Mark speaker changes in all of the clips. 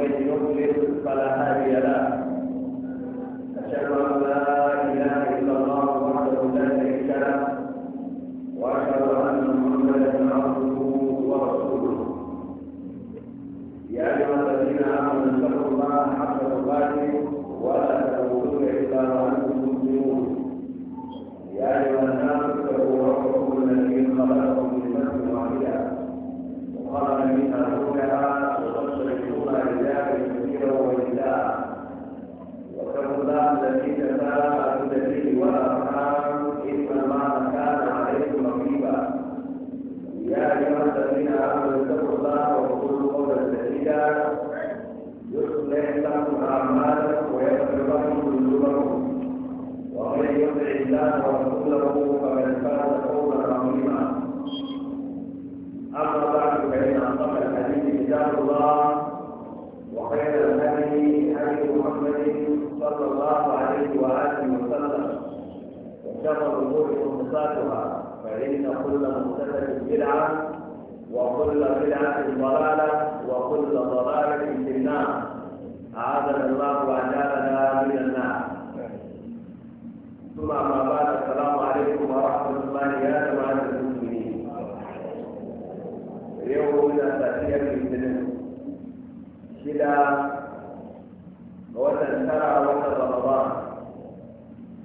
Speaker 1: ومن يضلل فلا هادي له أشهد أن لا إله إلا الله وحده لا شريك له وأشهد أن محمدا عبده ورسوله يا أيها الذين آمنوا اتقوا الله حق تقاته ولا بدعة وكل بدعة ضلالة وكل ضلالة في النار أعاذنا الله وأجارنا من النار ثم ما بعد السلام عليكم ورحمة الله يا جماعة المسلمين اليوم من أساسية المسلمين شدة وتنترى وتتضارب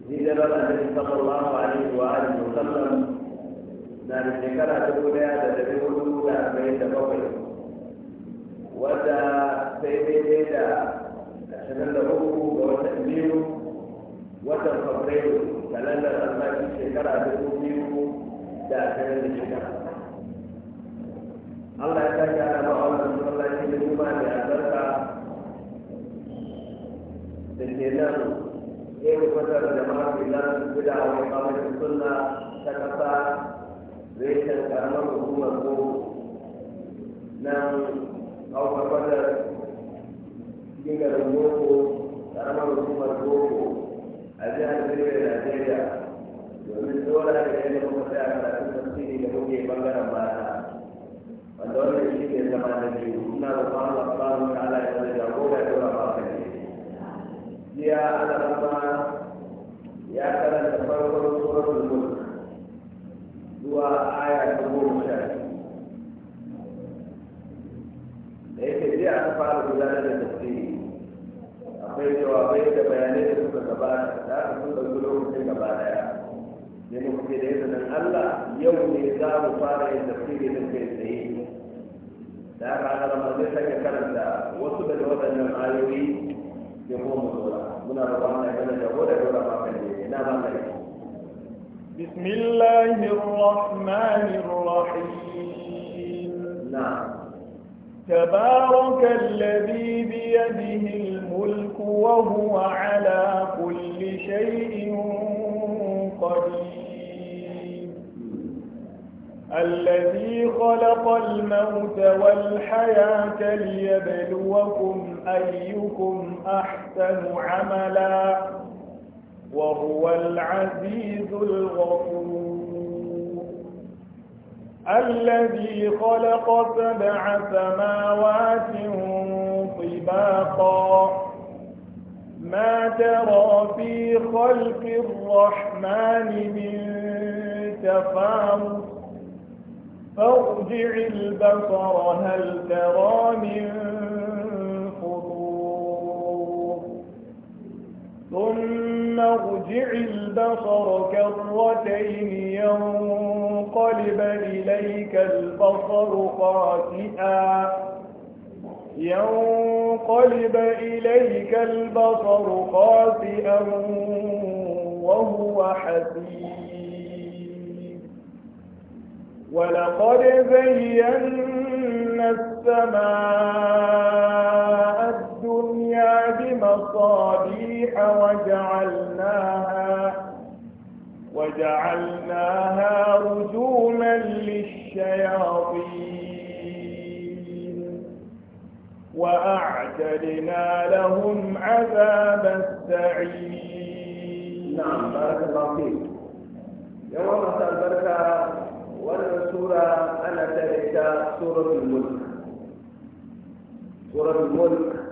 Speaker 1: هجرة النبي صلى الله عليه وآله وسلم na da shekara dubu daya da dari hudu da arba'in da bakwai wadda sai dai-dai da ashirin da uku ga watan biyu watan fabrairu kalandar albashi shekara ta dubu biyu da ashirin da shida Allah ya sake ana ma'aunar masallaci da juma mai albarka da ke nan ya yi kwatar da ma'a filan gudawa mai kamar sunna ta kasa reshen karamar hukumar ko nan aukakwar da cikin garin boko karamar hukumar boko a jihar birnin najeriya domin dole da yadda kuma sai a karatun tafsiri da muke bangaren mata wanda wannan shi ne zama da biyu ina da kwanu a kwanu ta ala ya zama jagora ya dora ba ka ne jiya ana ya karanta zuwa aya ta goma sha da yake je aka fara gudanar da tafi akwai jawabai da bayanai da suka gabata za aka sun ɗauki lokacin gaba daya ne mu ce da Allah yau ne za mu fara yin tafsiri da kai tsaye da aka ana da zai sake karanta wasu daga waɗannan ayoyi da kuma mu muna kana jago da dora kan na ba
Speaker 2: بسم الله الرحمن الرحيم نعم تبارك الذي بيده الملك وهو على كل شيء قدير الذي خلق الموت والحياة ليبلوكم أيكم أحسن عملاً وهو العزيز الغفور الذي خلق سبع سماوات طباقا ما ترى في خلق الرحمن من تفاوت فارجع البصر هل ترى من ثم ارجع البصر كرتين ينقلب إليك البصر خاسئا ينقلب إليك البصر خاسئا وهو حسين ولقد زينا السماء المصابيح وجعلناها وجعلناها رجوما للشياطين وأعتدنا لهم عذاب السعير نعم بارك الله فيك يوم
Speaker 1: البركة والسورة أنا ذلك سورة الملك سورة الملك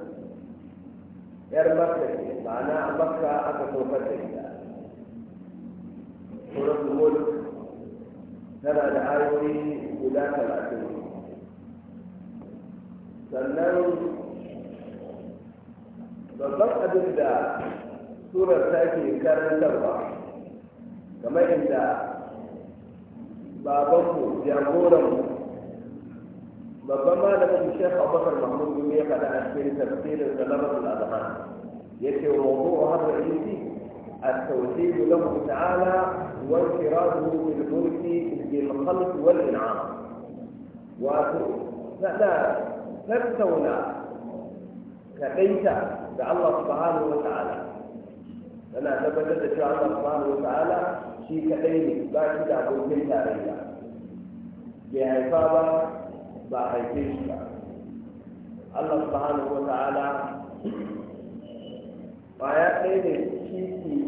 Speaker 1: yar makka ne ma'ana a makka aka saukar da ita suratul mulk tana da ayoyi guda talatin sannan babban abin da surar ta ke karantarwa kamar inda babanmu jagoranmu babban malamin shekh abubakar mahmud gumi ya faɗa a cikin tafsirin salamatul azhar yace wa huwa hadda ilmi التوحيد له تعالى وانفراده بالملك الخلق والانعام لا لا تستولى كبيت الله سبحانه وتعالى أنا ثبتت شاء الله سبحانه وتعالى شيء كبيت باكد أبو كنت عليها بهفاظة ba a haife shi ba Allah subhanahu wa ta'ala Ba ya ɗaya ne titi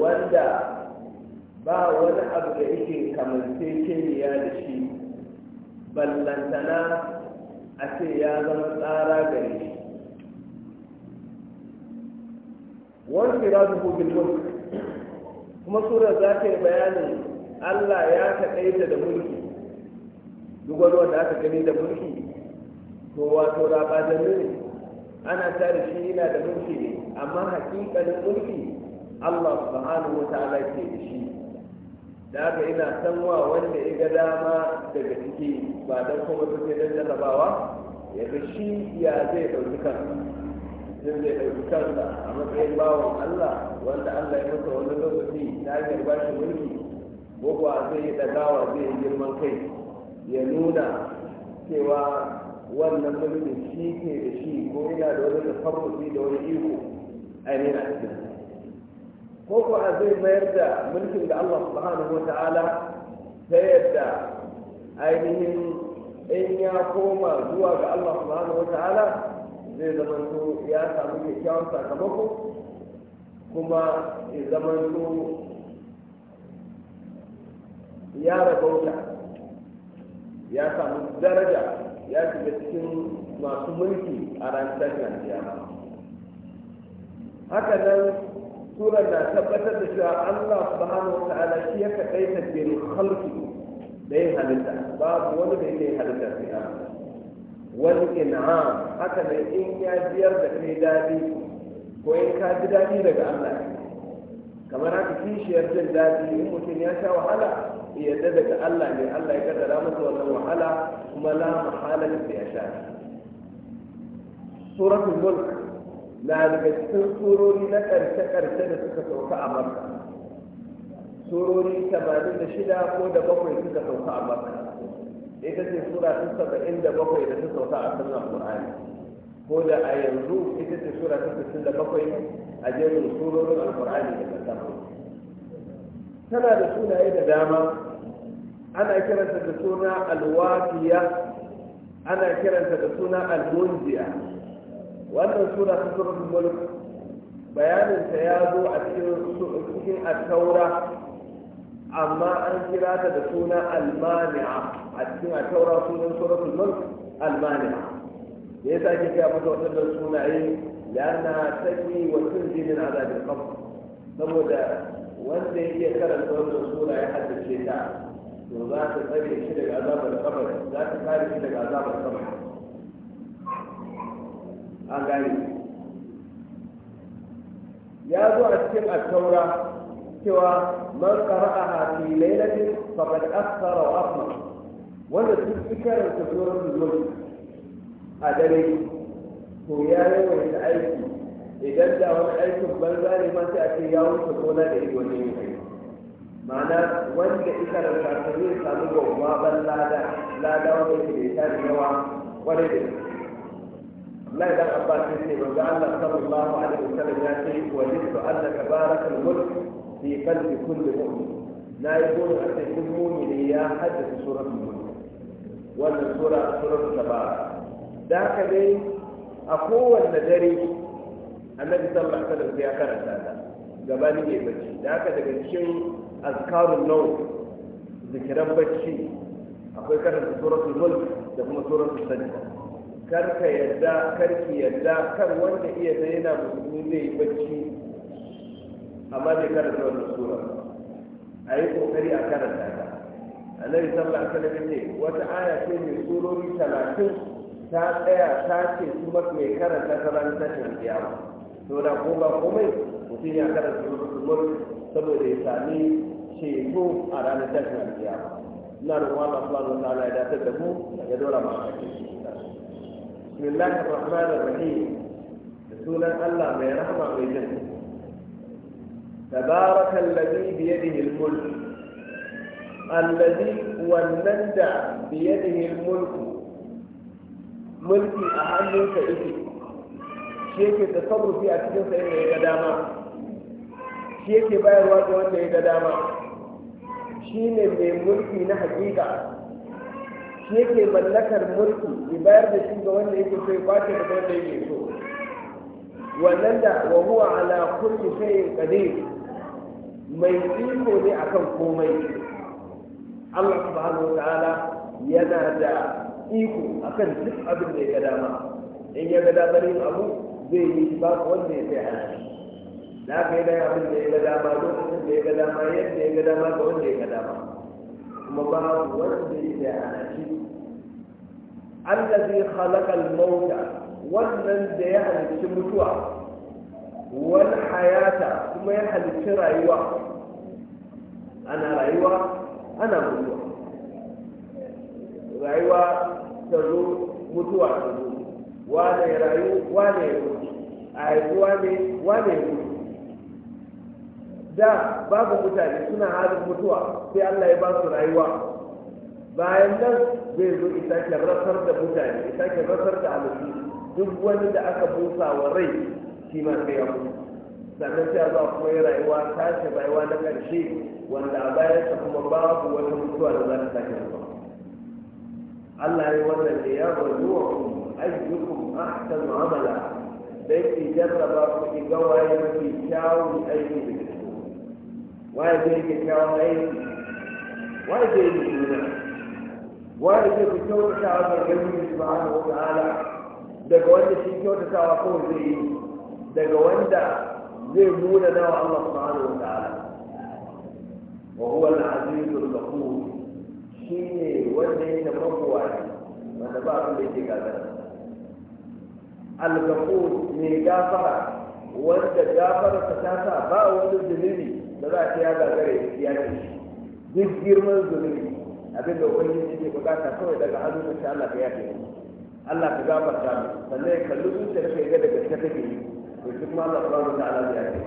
Speaker 1: wanda ba wani abu da yake kamanceceniya da shi ballantana
Speaker 3: a ce ya zama tsara gare shi
Speaker 1: wani kira zuhu bilmulk kuma surar za ta yi bayanin allah ya taɗaita da mulki duk wani wanda aka gani da mulki to wato da ne ana tare shi yana da mulki ne amma hakikalin mulki Allah subhanahu wa ta'ala ke da shi da haka ina sanwa wanda ya ga dama daga ciki ba dan kuma su sai dan jarabawa ya ga shi ya zai ɗauki kansa sun zai ɗauki kansa a matsayin bawan Allah wanda Allah ya masa wani lokaci ta hanyar ba mulki ko kuwa zai yi ɗagawa zai yi girman kai ya nuna cewa wannan mulkin shi ke da shi ko yana da wani tafarrufi da wani iko a a cikin ko ko a zai mayar da mulkin da Allah subhanahu wa ta'ala ta yadda ainihin in ya koma zuwa ga Allah subhanahu wa ta'ala zai to ya samu kyakkyawan sakamako kuma ya to ya rabauta ya samu daraja ya shiga cikin masu mulki a ranar tashin haka nan tura na tabbatar da cewa Allah subhanahu wa ta'ala shi ya kai ta bil khalqi da yin halitta babu wani da yake halitta sai wani ina haka ne in ya biyar da kai dadi ko in ka ji dadi daga Allah kamar haka kishiyar jin dadi in mutum ya sha wahala yadda daga Allah ne Allah ya kaddara masa wannan wahala kuma la mahala da ya sha suratul mulk na daga cikin surori na karshe karshe da suka sauka a makka surori 86 ko da bakwai suka sauka a makka ita ce sura ta 77 da ta sauka a sunan qur'ani ko da a yanzu ita ce sura ta bakwai a jerin surorin alqur'ani da ta sauka tana da sunaye da dama ana kiranta da suna alwafiya ana kiranta da suna almunziya wannan suna ta suratul mulk bayaninta ya zo a cikin attaura amma an kira ta da suna almani'a a cikin attaura sunan suratul mulk almani'a ya yasa ake gaya mata waɗannan sunaye ya na taƙi wa tunji min azabil qabr saboda wanda yake karanta wannan sura ya haddace ta to za ta tsare shi daga azabar kabari za ta kare shi daga azabar kabari an gane ya zo a cikin attaura cewa man qara'aha fi lailatin faqad akthara wa afla wanda duk ya karanta suratul mulk a dare to ya yi yawaita aiki idan da wani aikin banza ne ma a ce ya wuce gona da ido ne mai ma'ana wanda ita da kasa zai samu gwagwaban lada lada wanda yake da ita da yawa kwarai da Allah idan abba sai ce ba manzo Allah sallallahu alaihi wasallam ya ce wa jisu annaka barakal mulk fi qalbi kulli mu'min na yi gona a sai kun mu'mini ya haddasa suratul mulk wannan sura suratul tabara da ka dai a kowanne dare annabi sallallahu alaihi wasallam sai ya karanta ta ne ke bacci da haka daga cikin azkarun nau zikiran bacci akwai karanta suratul mulk da kuma suratul sajda kar ka yadda karki yadda kar wanda iya da yana musu ne bacci amma bai karanta wannan sura a yi kokari a karanta ta annabi sallallahu alaihi wasallam ne wata aya ce mai surori talatin ta tsaya ta ce kuma mai karanta ta ranar kiyama to ko ba komai mutum ya karanta suratul mulk saboda ya sami ceto a ranar tashin alkiyama ina roƙon Allah subhanahu wa ta'ala ya dace da mu ya dora mu a cikin ta bismillahir rahmanir rahim da sunan Allah mai rahama mai jin tabarakal ladhi bi yadihi al-mulk alladhi wannan da biye da al-mulk mulki a hannunka yake shi yake tasarrufi a cikin sa yadda ya ga dama shi yake bayarwa ga wanda ya ga dama shi ne mai mulki na hakika shi yake mallakar mulki ya bayar da shi ga wanda yake so ya kwace da wanda yake so wannan da wa huwa ala kulli shay'in qadir mai iko ne akan komai Allah subhanahu wa ta'ala yana da iko akan duk abin da ya ga dama in ya ga damar yin abu zai yi ba wanda ya sai hana na ka yi daga abin da ya ga dama lokacin da ya ga dama yadda ya ga dama ga wanda ya ga dama kuma ba wanda ya sai hana shi allazi khalaqal mauta wannan da ya halicci mutuwa wal hayata kuma ya halicci rayuwa ana rayuwa ana mutuwa rayuwa ta zo mutuwa ta zo wane ya rayu wane ya mutu a haifi wane wane ya mutu da babu mutane suna halin mutuwa sai Allah ya ba su rayuwa bayan nan zai zo ita ke rasar da mutane ita ke rasar da halittu duk wani da aka busa wa rai shi ma sai ya mutu sannan sai zuwa kuma ya rayuwa tashi rayuwa na ƙarshe wanda a bayansa kuma babu wata mutuwa da za ta sake zuwa Allah ya wannan da ya zo zuwa. kuma ayyukum ahsanu amala sai ki jarraba ku ki ga waye mafi kyawun aiki da ke waye zai ke kyawun aiki waye zai yi juna waye zai fi kyautatawa ga gani subhanahu wa daga wanda shi kyautatawa kawai zai yi daga wanda zai nawa Allah subhanahu shine wanda yake mabwayi wanda ba al-ghafur mai gafara wanda gafararsa ta sa ba wani zulumi da za ta ya gagare ya ce duk girman zulumi abin da ubangiji ke bukata kawai daga hannun da Allah ka yafe Allah ka gafarta mu sannan ya kalli ta ka ga daga ta take yi to duk ma Allah subhanahu ta'ala ya yafe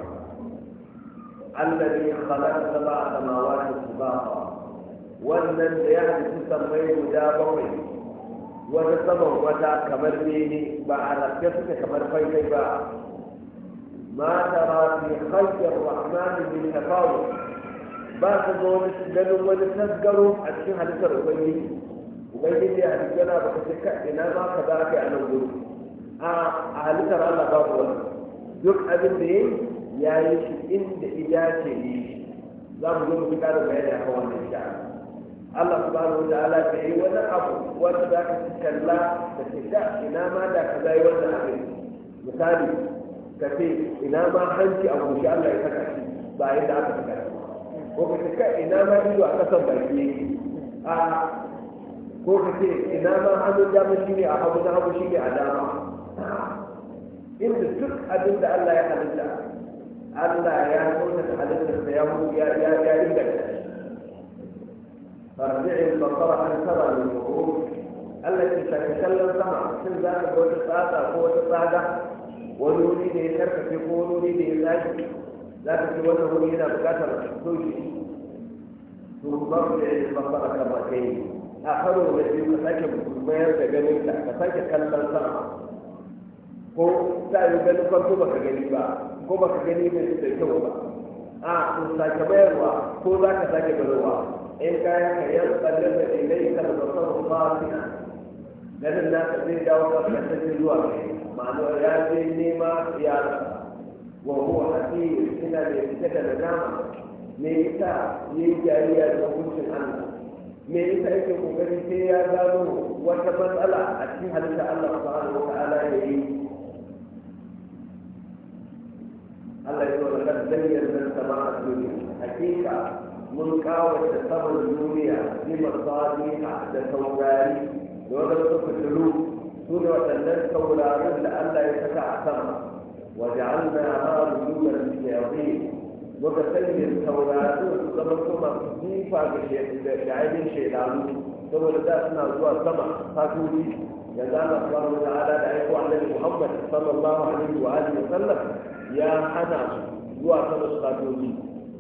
Speaker 1: alladhi khalaqa sab'a samawati tibaqa wannan da ya halitta sammai guda bakwai wata saman wata kamar bene ba a rafe suke kamar faifai ba ma tara fi khalqir rahman min tafawut ba su zo wani ganin wani tasgaro a cikin halittar ubangiji ubangiji a rigana ba ka ce ka ina ma ka za ka yi a nan gudu a halittar allah ba ku duk abin da ya yi shi inda iya ce ne za mu zo mu fi ƙarin bayani a kan wannan sha'ani Allah subhanahu wa ta'ala ka yi wani abu wanda za ka kalla da ke da ina ma da ka zai wannan abin misali ka ce ina ma hanci a goshi Allah ya saka shi ba yadda aka saka shi ko ka ce ka ina ma ido a kasan baki yake a ko ka ce ina ma hannun dama shi ne a hagu na hagu shi ne a dama inda duk abin da Allah ya halitta Allah ya kauta da halittarsa ya ya ya inganta shi فارجع البصر عن سبع الوقوف التي تتكلم سمع من ذلك وتساعد قوة السعادة ونوري به شركة يكون نوري به الأجل لا تسوته هنا بكثرة زوجي ثم ارجع البصر كمرتين أخذوا الذي يتحكم بمير تجنبك تتكلم سمع ko ta yi ganin farko baka gani ba ko baka gani mai da kyau ba a sun sake bayarwa ko za ka sake bayarwa in kayan ka yan tsalle da ilai kalbasar fatina ganin naka zai dawo da kasance zuwa kai ma'ana ya je nema ya wa huwa hasir ina da fita da nama. me yasa yayi jariya da hukuncin Allah me yasa yake kokari sai ya gano wata matsala a cikin halitta Allah subhanahu wata'ala ya yi Allah ya zo da kan dalilin sama a duniya hakika mun da saman duniya bi masaliha da taurari da wanda suka tulu su ne waɗannan taurarin da Allah ya saka a sama waja'alna ma rujuman shayatin muka sanya taurarin su zama kuma jifa ga shayatin shaidanu saboda da suna zuwa sama fasuri ya Allah subhanahu wa ta'ala da aiko annabi Muhammad sallallahu alaihi wa alihi wa sallam ya hana zuwa sama su fasuri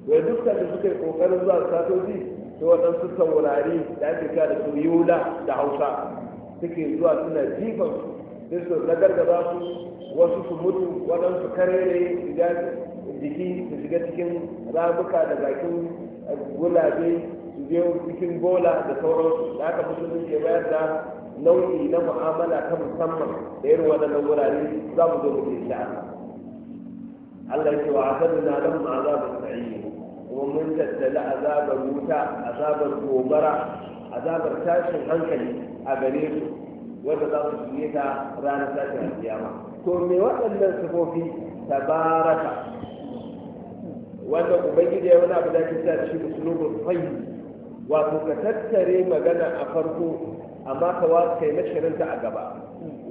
Speaker 1: wai duka da suka yi kokarin zuwa satoji sai waɗansu saurari da ake kira da su yula da hausa suke zuwa suna jifan sai su ragargaza su wasu su mutu waɗansu karere jiki su shiga cikin ramuka da bakin gulabe su je cikin bola da sauransu da aka fi musulunci ke bayar da nau'i na mu'amala ta musamman da irin waɗannan wurare za mu zo mu ke Allah Allah ya ce wa su lahum yi ba. kuma mun tattali azabar wuta azabar gobara azabar tashin hankali a gare su wanda za su shige ta ranar tashin alkiyama to me waɗannan sifofi tabaraka wanda ubangiji ya wani abu da ke sa shi usulubul fayyi wato ka tattare magana a farko amma ka wasu kai na shirinta a gaba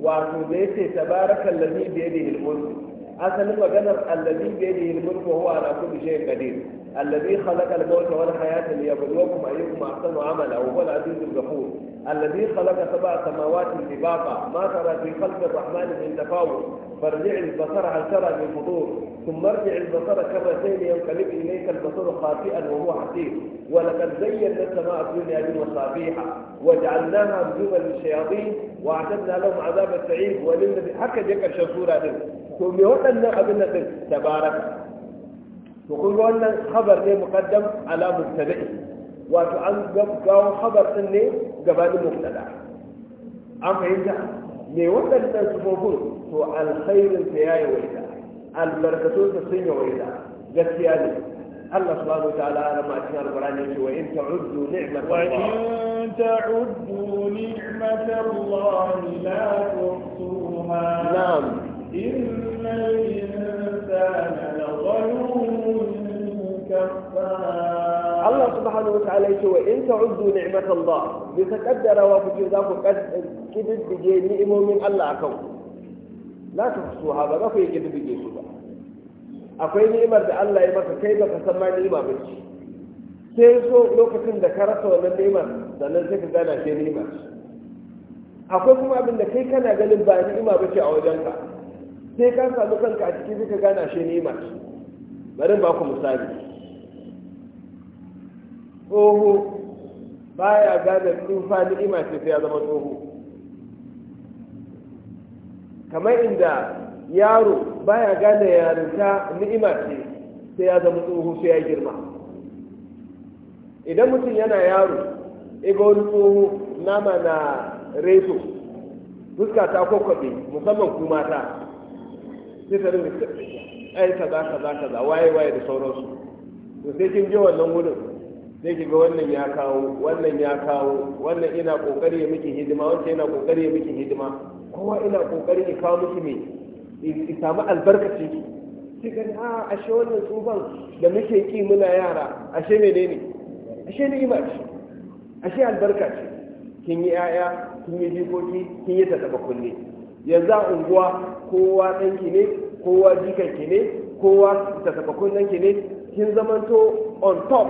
Speaker 1: wato da yace tabarakal tabarakan bi yadihi al-mulk هذا لما قدر الذي بيده الملك وهو على كل شيء قدير الذي خلق الموت والحياة ليبلوكم أيكم أحسن عملا وهو العزيز الغفور الذي خلق سبع سماوات لباقا ما ترى في خلق الرحمن من تفاوت فارجع البصر عن ترى من فطور ثم ارجع البصر كما كرتين ينقلب إليك البصر خاطئا وهو حسير ولقد زينت السماء الدنيا بمصابيح وجعلناها رجوما للشياطين واعتدنا لهم عذاب السعيد، ولن حكى جك الشرطور to me waɗannan abin da din tabaraka to kun ga wannan khabar ne muqaddam ala mubtada'i wato an gaggawo khabar din ne gabanin mubtada an fahimta me waɗannan sufofin to alkhairin ta ya yawaita albarkatun ta sun yawaita gaskiya ne Allah subhanahu wa ta'ala ana ma cikin alqur'ani yace wa in ta'uddu ni'matan wa in
Speaker 2: ta'uddu ni'matan Allah la tuhsuha na'am إن الإنسان لظلوم كفار Allah subhanahu
Speaker 3: wataala
Speaker 1: yake wa in ta'uddu ni'matallah bi wa kuke za ku kididdige ni'imomin Allah akan ku la ha ba za ku kididdige su ba akwai ni'imar da Allah ya maka kai baka san ma ni'ima ba ce sai so lokacin da ka rasa wannan ni'imar sannan sai ka gana ce ni'ima akwai kuma abin da kai kana ganin ba ni'ima ba ce a wajenka sai ka samu kanka a ciki suka gana shi ne mace bari ba ku misali tsoho ba ya gane tsufa ni'ima ce sai ya zama tsoho kamar inda yaro ba ya gane yarinta ni'ima ce sai ya zama tsoho sai ya girma idan mutum yana yaro ga wani tsoho nama na reso fuska ta kwakwabe musamman ku mata sai ka rinka ai kaza kaza kaza waye waye da sauransu to sai kin je wannan wurin sai ki ga wannan ya kawo wannan ya kawo wannan ina kokari ya miki hidima wannan yana kokari ya miki hidima kowa ina kokari ya kawo miki me ki samu albarkaci ki gani a ah, ashe wannan tsufan da muke ki muna yara ashe menene ashe ni'ima ce ashe albarka ce kin yi 'ya'ya kin yi jikoki kin yi tattaba kulle. yanzu a unguwa kowa ɗanki ne kowa jikanki ne kowa tasafakun ɗanki ne kin zamanto on top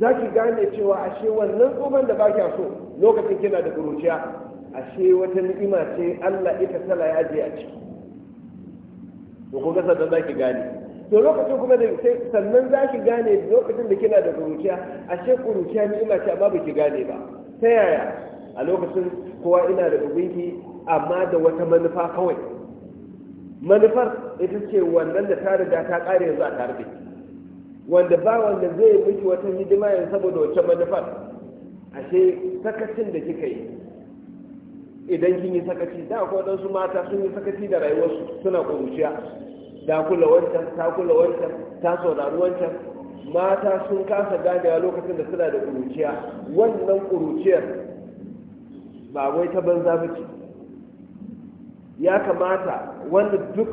Speaker 1: za ki gane cewa ashe wannan tsohon da ba kya so lokacin kina da kuruciya ashe wata ni'ima ce allah ita sala ya je a ciki to kun ga sannan za ki gane to lokacin kuma da sannan za ki gane lokacin da kina da kuruciya ashe kuruciya ni'ima ce amma ba ki gane ba ta yaya a lokacin kowa ina da gunki amma da wata manufa kawai manufar ita ce wannan da ta riga ta ƙare yanzu a tare wanda ba wanda zai miki wata hidima yanzu saboda wacce manufar ashe sakacin da kika yi idan kin yi sakaci da akwai wadansu mata sun yi sakaci da rayuwarsu suna ƙuruciya da kula wancan ta kula wancan ta saurari wancan mata sun kasa ganewa lokacin da suna da ƙuruciya wannan ƙuruciyar ba wai ta banza ba ce ya kamata wanda duk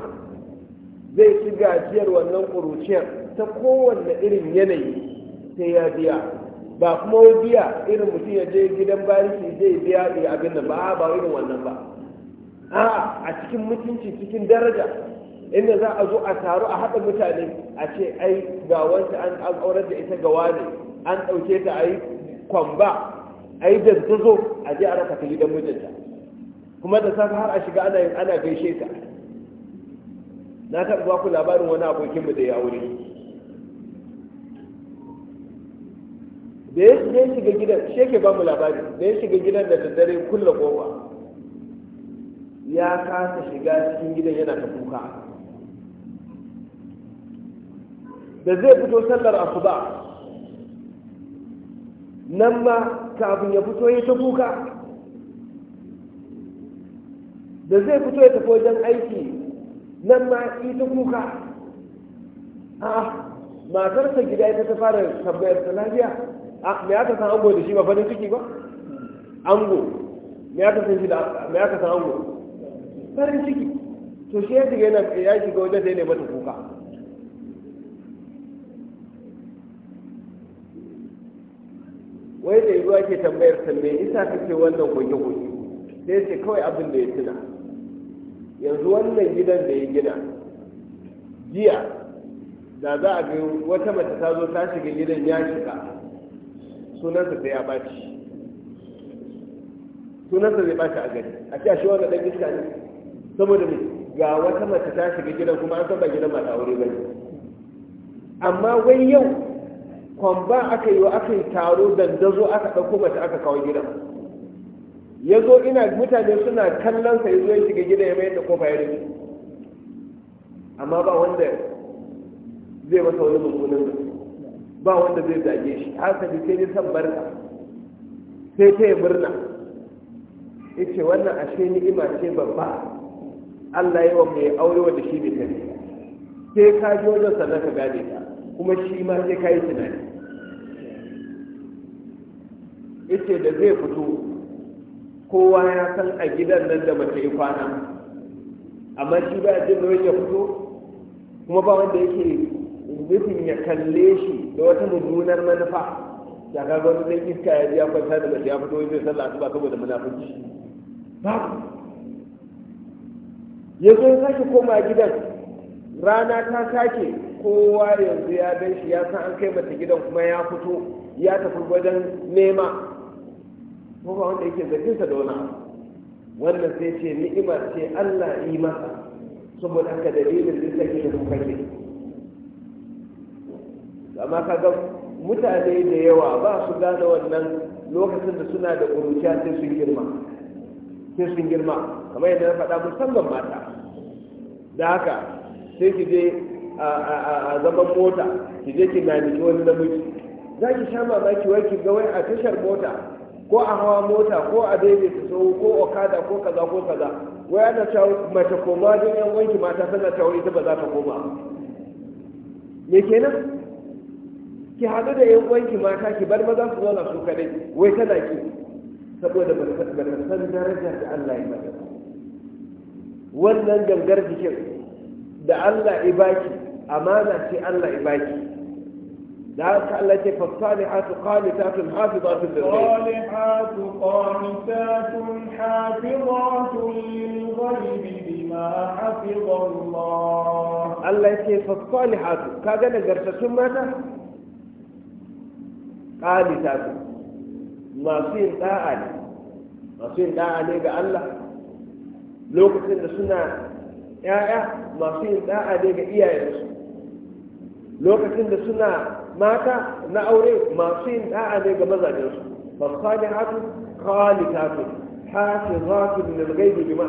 Speaker 1: zai ci gajiyar wannan ƙuruciyar ta kowanne irin yanayi sai ya biya ba kuma wai biya irin mutum ya je gidan bariki zai biya da abin da ba ba irin wannan ba a a cikin mutunci cikin daraja inda za a zo a taru a haɗa mutane a ce ai ga wanda an aurar da ita ga ne, an ɗauke ta a yi kwamba a yi da ta zo a je a raka fili don mijinta kuma da safe har a shiga ana yin ana gaishe ta na taɓa ba ku labarin wani abokinmu da ya aure da ya shiga gidan shi ba mu labari da ya shiga gidan da dare kulla kowa ya kasa shiga cikin gidan yana ta kuka da zai fito sallar asuba nan ma kafin ya fito ya ta kuka da zai fito ya tafi wajen aiki nan ma yi ta kuka a matarsa gida ita ta fara tambayar ta lafiya a me aka san ango da shi ba farin ciki ba ango me aka san shi da me aka san ango farin ciki to shi ya shiga yana ya shiga wajen da ya nema ta kuka wai da yiwuwa ke tambayar ta me isa kake wannan goge-goge sai ce kawai abin da ya tuna yanzu wannan gidan da ya gina jiya da za a ga wata mace ta zo ta shiga gidan ya shiga sunansa sai ya baci sunansa zai baci a gari a ce a shi wannan dan iska ne saboda me ga wata mace ta shiga gidan kuma an san gidan ba ta aure ba ne amma wai yau kwamba aka yi wa aka yi taro dandazo aka ɗauko mace aka kawo gidan ya zo ina mutane suna kallon sa ya zo ya shiga gida ya mayar da kofa ya rufe amma ba wanda zai masa wani mummunan da ba wanda zai zage shi ji sai dai san barka sai ta yi murna ya ce wannan ashe ni'ima ce babba Allah yi wa mai aure wanda shi bai tafi sai ka ji wajen sannan ka gane ta kuma shi ma sai ka yi tunani yace da zai fito kowa ya san a gidan nan da mace yi kwana amma shi ba jin da ya fito kuma ba wanda yake nufin ya kalle shi da wata mummunar manufa da ga wani zai iska ya ji ya kwanta da mace ya fito zai sallah ba saboda munafunci ba ya zo sake koma gidan rana ta sake kowa yanzu ya gan shi ya san an kai mace gidan kuma ya fito ya tafi wajen nema ko ba wanda yake sa da wani abu wannan sai ce ni'ima ce Allah yi masa saboda haka dalilin da take da kuka ke amma kaga mutane da yawa ba su gane wannan lokacin da suna da ƙuruciya sai sun girma sai sun girma kamar yadda na faɗa musamman mata da haka sai ki je a zaman mota ki je ki naniki wani namiji za ki sha mamaki wai ki ga wai a tashar mota ko a hawa mota ko a ta sau ko okada ko kaza ko kaza wai ana cewa mace koma don yan wanki mata tana cewa ita ba za ta koma me kenan
Speaker 2: ki haɗu da yan wanki mata
Speaker 1: ki bar maza su zauna su kadai wai tana ki saboda ba ta san darajar da Allah ya mata wannan gangar jikin da Allah ya baki amana ce Allah ya baki ذلك التي فالصالحات قانتات حافظات للغيب
Speaker 2: الصالحات قانتات حافظات للغيب بما حفظ الله
Speaker 1: التي فالصالحات كذا نقرت ماذا قانتات masu داعي da'a داعي قال yin da'a ne يا يا lokacin da suna ‘ya'ya masu yin mata na aure masu yin da'a ne ga mazajensu fasalihatu qalitatu hafizatun lil a bima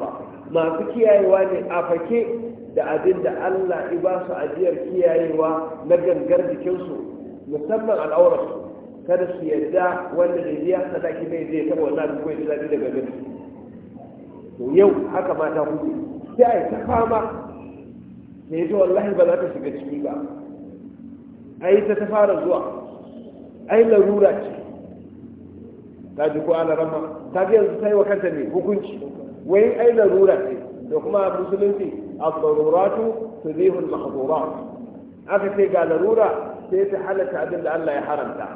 Speaker 1: ba. masu kiyayewa ne a fake da abin da Allah ya ba su ajiyar kiyayewa na gangar jikinsu musamman al'aurarsu kada su yadda wanda da biya sadaki ne zai taɓa wannan kuma koyi zaɓi daga gani to yau haka mata hudu sai a yi ta fama ne wallahi ba za ta shiga ciki ba ai ta ta fara zuwa ai larura ce ta ji ko ana rama ta ga yanzu ta yi wa kanta ne hukunci wai ai larura ce da kuma musulunci al-daruratu tuzihu al-mahdurat aka ce ga larura sai ta halatta abin da Allah ya haramta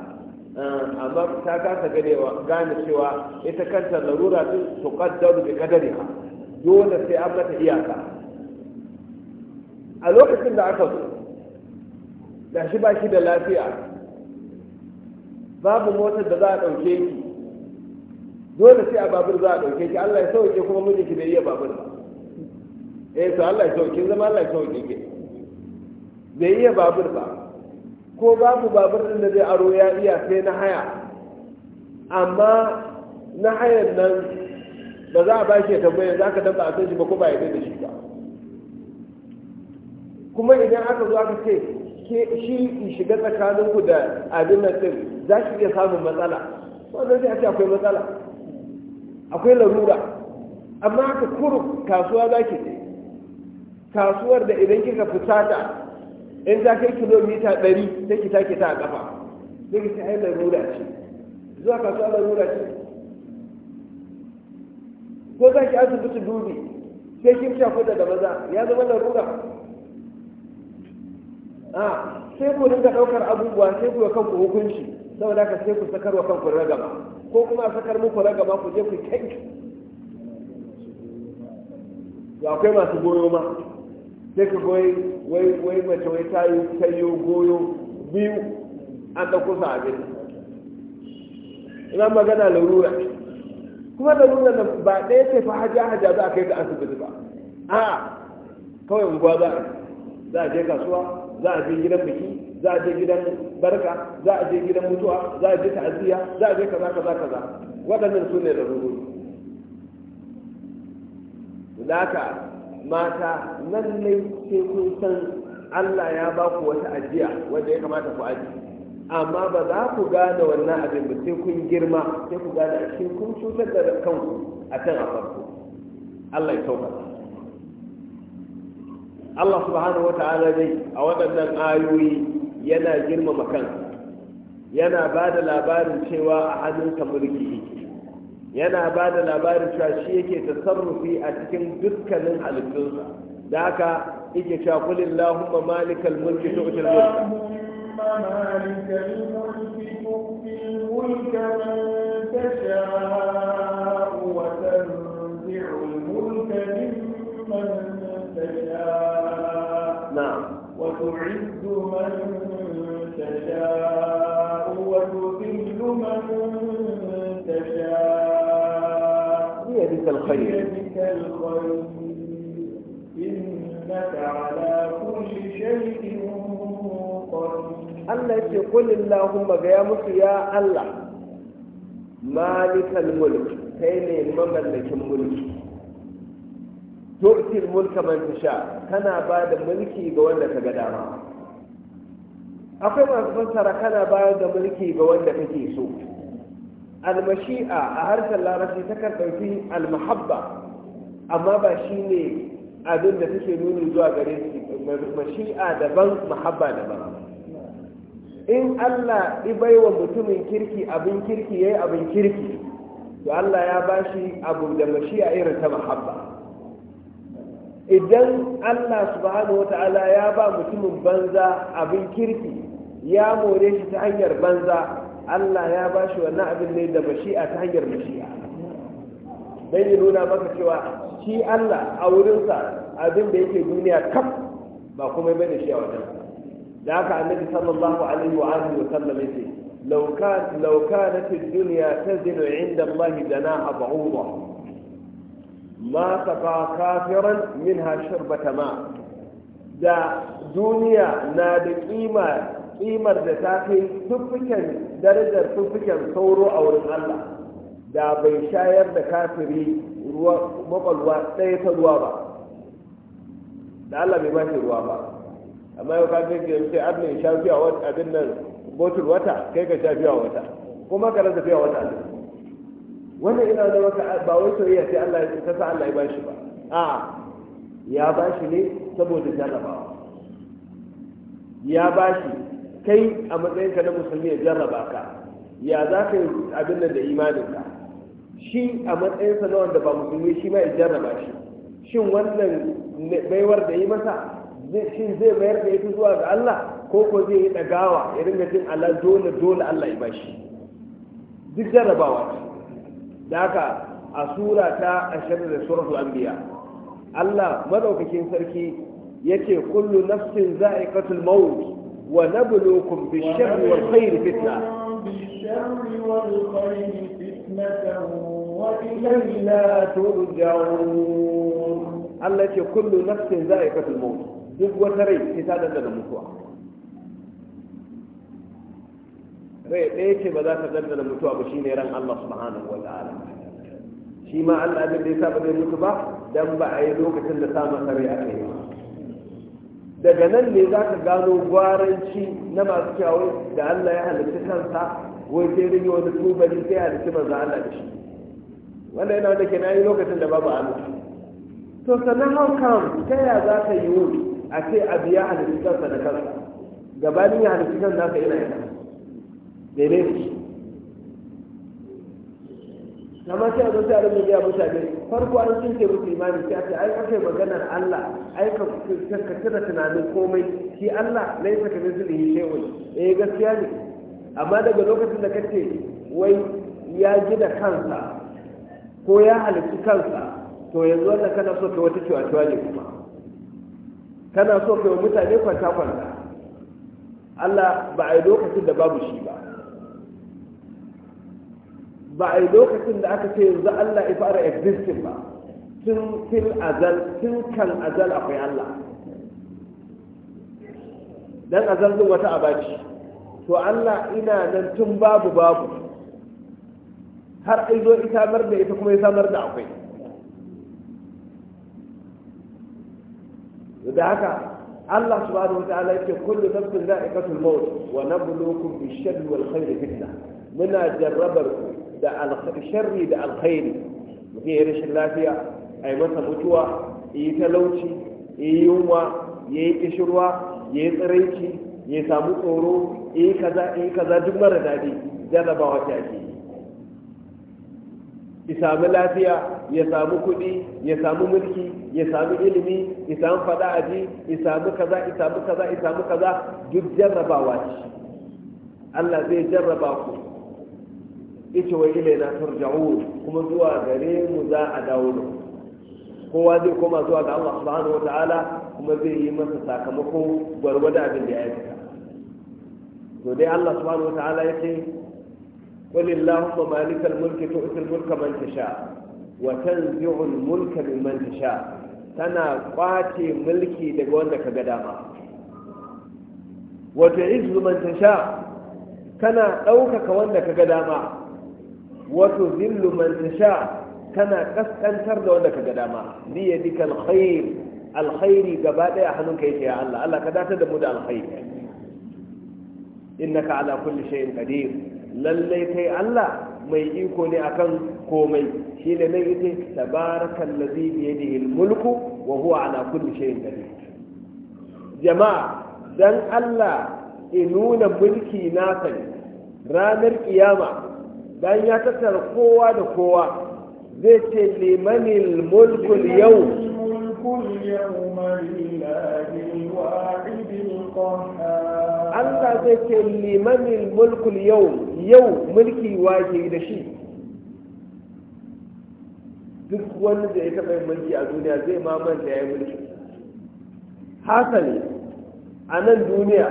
Speaker 1: ah, amma ta kasa ganewa gane cewa ita kanta larura ce din tuqaddaru bi qadariha dole sai an mata iyaka a lokacin da aka zo ga shi ba shi da lafiya babu motar da za a ɗauke ki dole sai a babur za a ɗauke ki Allah ya sauke kuma ki bai iya babur ba eh to Allah ya sauke zama Allah ya sauke ki bai iya babur ba ko babu babur din da zai aro ya iya sai na haya amma na hayan nan ba za a ba shi ya tambaya za ka damba a san shi ba ko ba ya da shi ba kuma idan aka zo aka ce shi shiga tsakaninku da abin nan za ki iya samun matsala wannan sai a ce akwai matsala akwai larura amma haka kuru kasuwa za ki je kasuwar da idan kika fusata in za kai kilomita ɗari sai ki take ta a ƙafa sai ki sai larura ce zuwa kasuwa larura ce ko za ki asibiti dubi sai kin shafuta da maza ya zama larura a ah, sai ku dinga ɗaukar abubuwa sai ku kanku hukunci saboda ka sai ku sakar wa kanku ragama ko kuma sakar muku ragama ku je ku kai to akwai masu goyo ma sai ka goyi wai wai mace wai ta yi tayo goyo biyu an ɗauko sa abin ina magana larura kuma da larura na ba ɗaya ce fa haja haja za a kai ka asibiti ba a kawai unguwa za a je kasuwa za a je gidan biki za a je gidan barka za a je gidan mutuwa za a je ta'aziyya za a je kaza kaza kaza waɗannan su ne da ruru haka mata nan ne sai kun san Allah ya ba ku wata ajiya wanda ya kamata ku aji amma ba za ku gane wannan abin ba sai kun girma sai ku gane a cikin kun cutar da kanku a kan a farko Allah ya sauka Allah subhanahu ta'ala dai a waɗannan ayoyi yana girmama kansa yana ba da labarin cewa a hannunsa mulki yana ba da labarin cewa shi yake tasarrufi a cikin dukkanin halittunsa da haka yake cewa kulin lahumma malikal mulki tu'til
Speaker 2: mulka من تشاء نعم وتعز من تشاء وتذل من تشاء بيدك الخير بيدك الخير إنك على كل شيء Allah ce
Speaker 1: kul Allahumma ga ya musu ya Allah malikal mulk kai ne mamallakin mulki tu'til mulka man tasha kana ba da mulki ga wanda ka ga dama akwai masu fassara kana bayar da mulki ga wanda kake so almashi'a a harshen larabci takan ɗauki almahabba amma ba shi ne abin da take nuni zuwa gare shi mashi'a daban mahabba daban
Speaker 2: in allah ibai wa
Speaker 1: mutumin kirki abin kirki ya yi abin kirki to allah ya bashi abu da mashi'a irin ta mahabba idan Allah subhanahu wata'ala ya ba mutumin banza abin kirki ya more shi ta hanyar banza Allah ya ba shi wannan abin ne da bashi'a ta hanyar bashi'a don yi nuna maka cewa shi Allah a wurinsa abin da yake duniya kaf ba kuma bane shi a wajen da haka annabi sallallahu alaihi wa alihi wa sallam yace lauka lauka law dunya tazinu 'inda Allah dana abuwa ma saka kafiran min hashir ma da duniya na da ƙimar da ta kai tuffiken darajar tuffiken sauro a wurin Allah da bai shayar da kafiri ruwa makwalwa ɗaya ta ruwa ba da Allah bai bashi ruwa ba amma yau ka kai sai an ne shafiya wata abin nan botul wata kai ka shafiya wata kuma ka rasa fiya wata ne wannan ina da maka ba wai soyayya sai Allah ya ta Allah ya bashi ba a ya bashi ne saboda jarrabawa ya bashi kai a matsayin ka na musulmi ya jarraba ka ya za ka yi abin da imanin ka shi a matsayinsa na wanda ba musulmi shi ma ya jarraba shi shin wannan baiwar da yi masa shin zai mayar da ita zuwa ga Allah ko ko zai yi dagawa ya da jin Allah dole dole Allah ya bashi duk jarrabawa ce daka a sura ta ashirin da suratul anbiya Allah madaukakin sarki yace kullu nafsin za'iqatul maut wa nabluukum bish-sharri wal khair fitna
Speaker 2: bish-sharri wal khair fitnatan wa ilayna
Speaker 1: turja'un Allah yace kullu nafsin za'iqatul maut duk wata rai ta dandana mutuwa bai ɗaya ce ba za ka dandana mutuwa ba shine ran Allah subhanahu wa ta'ala shi ma Allah abin da ya saba ba zai mutu ba dan ba a yi lokacin da sa masa rai aka yi ba daga nan ne za ka gano gwaranci na masu kyawu da Allah ya halitta kansa wai sai rage wani tubali sai halitta manzo Allah da shi wanda yana da kenan yi lokacin da babu Allah to sannan how come ta ya za ka yi wuri a ce abiya halitta kansa da kansa gabanin ya halitta kansa ka ina yana daidai amma sai a zo sai a mutane farko an cin ce musu imani sai a ce ai kashe maganar Allah ai ka da tunanin komai shi Allah su ka mislihi shay'un eh gaskiya ne amma daga lokacin da kace wai ya gina kansa ko ya halitta kansa to yanzu wannan kana so ka wata ciwa ne kuma kana so ka yi mutane kwanta kwanta Allah ba a yi lokacin da babu shi ba ba a yi lokacin da aka ce yanzu Allah ya fara existing ba tun fil azal tun kan azal akwai Allah dan azal din wata abaci to Allah ina nan tun babu babu har ai zo ita mar da ita kuma ya samar da akwai da haka Allah subhanahu wataala yake kullu nafsin za'iqatul maut wa nabluukum bish-sharri wal khayri fitna muna jarrabar ku da alkhairi da alkhairi mutum ya rashin lafiya a yi masa mutuwa ya yi talauci ya yi yunwa ya yi kishirwa ya yi tsiraici ya samu tsoro ya yi kaza ya yi kaza duk mara daɗi jarrabawa ta ake ya samu lafiya ya samu kuɗi ya samu mulki ya samu ilimi ya samu faɗa aji ya samu kaza ya samu kaza ya samu kaza duk jarrabawa ce Allah zai jarraba ku ita wa ile na turja'un kuma zuwa gare mu za a dawo da kowa zai koma zuwa ga Allah subhanahu wa ta'ala kuma zai yi masa sakamako gwargwada abin da ya aikata to dai Allah subhanahu wa ta'ala ya ce qul illahumma malikal mulki tu'til mulka man tasha wa tanzi'ul mulka mimman tasha tana kwace mulki daga wanda ka ga dama wa tu'izzu man tasha kana ɗaukaka wanda ka ga dama wato zillu man sha kana kaskantar da wanda kaga dama bi yadika alkhair alkhairi gaba daya hannunka yake ya Allah Allah ka dace da mu da alkhairi innaka ala kulli shay'in qadir Lallai kai Allah mai iko ne akan komai shi ne nan yake tabarakal ladhi bi yadihi almulku wa huwa ala kulli shay'in qadir jama'a dan Allah inuna mulki nasa ranar kiyama bayan ya tattara kowa da kowa zai ce limanil mulkul yau Allah zai ce limanil mulkul yau yau mulki waje da shi duk wani da ya taɓa yin mulki a duniya zai mamanta ya yi mulki hasali a nan duniya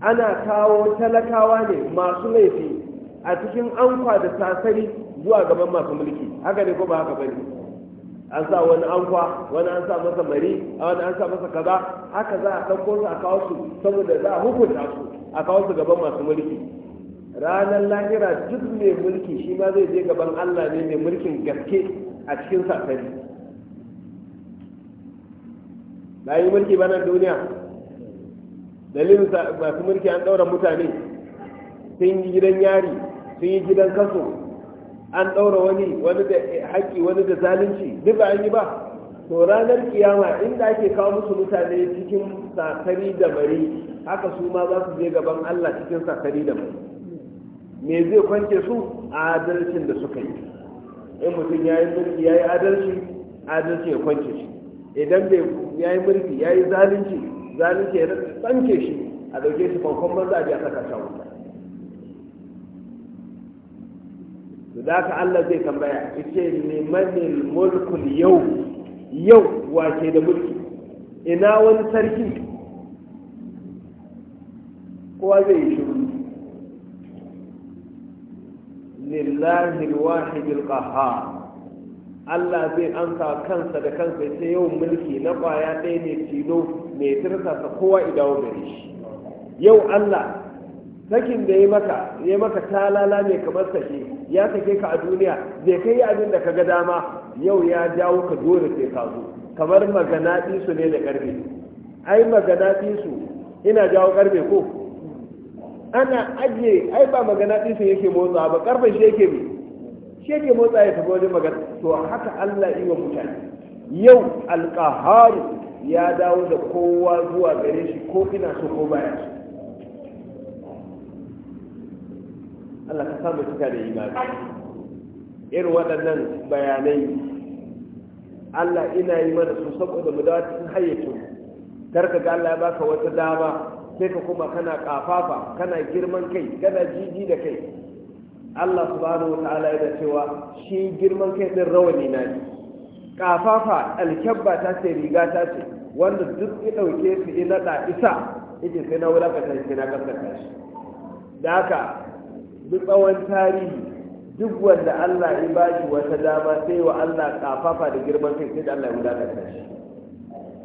Speaker 1: ana kawo talakawa ne masu laifi a cikin anfa da sasari zuwa gaban masu mulki haka ne ko ba haka bane an sa wani anfa wani an sa masa mari wani an sa masa kaza haka za a ɗauko su a kawo su saboda za a hukunta su a kawo su gaban masu mulki ranar lahira duk mai mulki shi ma zai je gaban allah ne mai mulkin gaske a cikin sasari na yi mulki ba na duniya dalilin masu mulki an ɗaura mutane sun yi gidan yari sun yi gidan kaso an ɗaura wani wani da haƙƙi wani da zalunci duk ba an yi ba to ranar kiyama inda ake kawo musu mutane cikin sakari da mari haka su ma za su je gaban Allah cikin sakari da bari me zai kwance su adalcin da suka yi in mutum ya yi mulki ya yi adalci adalci ya kwance shi idan bai ya yi mulki ya yi zalunci zalunci ya tsanke shi a dauke shi fankon banza a biya saka shawuta to da haka Allah zai tambaya ne manil mulkul yau yau wace da mulki ina wani sarki kowa zai yi shiru lillahi alwahidil qahhar Allah zai ansa kansa da kansa ce yau mulki na kwaya ɗaya ne tilo mai tirsasa kowa idawo gare shi yau Allah sakin da ya maka ya maka talala ne kamar sake ya sake ka a duniya zai kai abin da ka ga dama yau ya jawo ka dole sai ka zo kamar magana su ne da karfe ai magana su ina jawo karfe ko ana aje ai ba magana su yake motsa ba karfe shi yake bi shi yake motsa ya tafi wajen magana to haka Allah yi wa mutane yau alqaharu ya dawo da kowa zuwa gare shi ko ina so ko baya shi Allah ka samu cika da imani irin waɗannan bayanai Allah ina yi mana su saboda mu dawo cikin hayyacin karka ga Allah ya baka wata dama sai ka kuma kana kafafa kana girman kai kana jiji da kai Allah subhanahu wata'ala yana cewa shi girman kai ɗin rawani na ne kafafa alkyabba ta ce riga ta ce wanda duk ya ɗauke su ya ɗa'isa, isa yake sai na wulakata shi na ƙasar shi da haka duk tsawon tarihi duk wanda Allah ya shi wata dama sai wa Allah kafafa da girman kai sai da Allah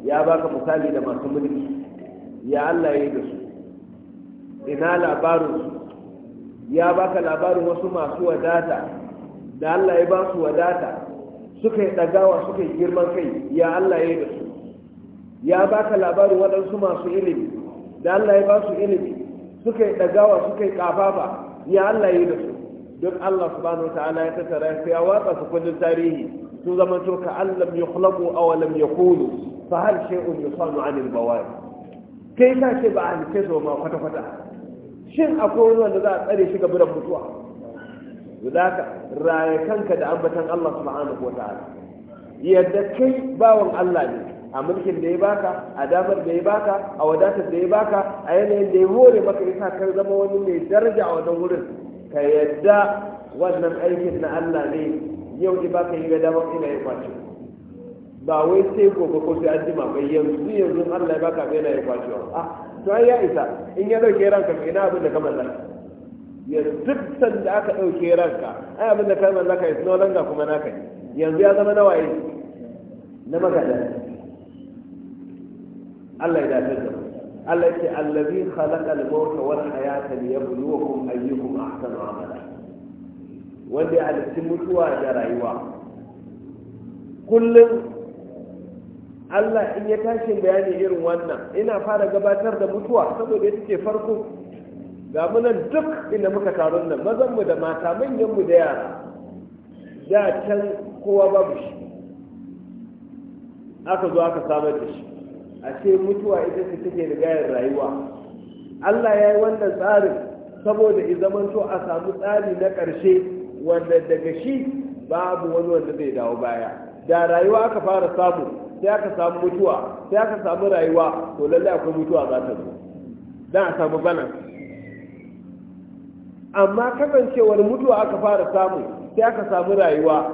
Speaker 1: ya wulakanta shi ya baka misali da masu mulki ya Allah ya yi da su ina labarin su ya baka labarin wasu masu wadata da Allah ya ba su wadata suka yi dagawa suka yi girman kai ya Allah ya yi da su ya baka labarin waɗansu masu ilimi da Allah ya ba su ilimi suka yi dagawa suka yi kafafa ya Allah yi da su don Allah subhanahu ta'ala ya tattara su ya watsa su kullun tarihi su zama to ka allam yukhlaqu aw lam yakunu fa hal shay'un yusanu an al bawari kai ka ce ba an kai so ma kwata kwata shin akwai wanda za a tsare shi ga mutuwa zaka raye kanka da ambatan Allah subhanahu wa ta'ala yadda kai bawon Allah ne a mulkin da ya baka a damar da ya baka a wadatar da ya baka a yanayin da ya hore maka yasa kan zama wani mai daraja a wannan wurin ka yadda wannan aikin na Allah ne yau ne baka yi ga damar ina ya kwace ba wai sai gobe ko sai anjima. bai yanzu yanzu Allah ya baka bai na ya kwace a to ai ya isa in ya dauke ranka ina abin da ka mallaka yanzu duk sanda aka dauke ranka ai abin da ka mallaka ya no longer kuma naka yanzu ya zama nawaye na magana Allah ya dace da Allah ya ce allazi khalaqa al wal hayata liyabluwakum ayyukum ahsanu amala wanda ya halitta mutuwa da rayuwa kullum Allah in ya tashi bayani irin wannan ina fara gabatar da mutuwa saboda ita ce farko ga munan duk inda muka taru nan mazan mu da mata manyan mu da yara da can kowa babu shi aka zo aka samar da shi a ce mutuwa ita ce take rigayar rayuwa Allah ya yi wannan tsarin saboda to a samu tsari na ƙarshe wanda daga shi babu wani wanda zai dawo baya da rayuwa aka fara samu sai aka samu mutuwa sai aka samu rayuwa to lallai akwai mutuwa za ta zo don a samu bana amma kasancewar mutuwa aka fara samu sai aka samu rayuwa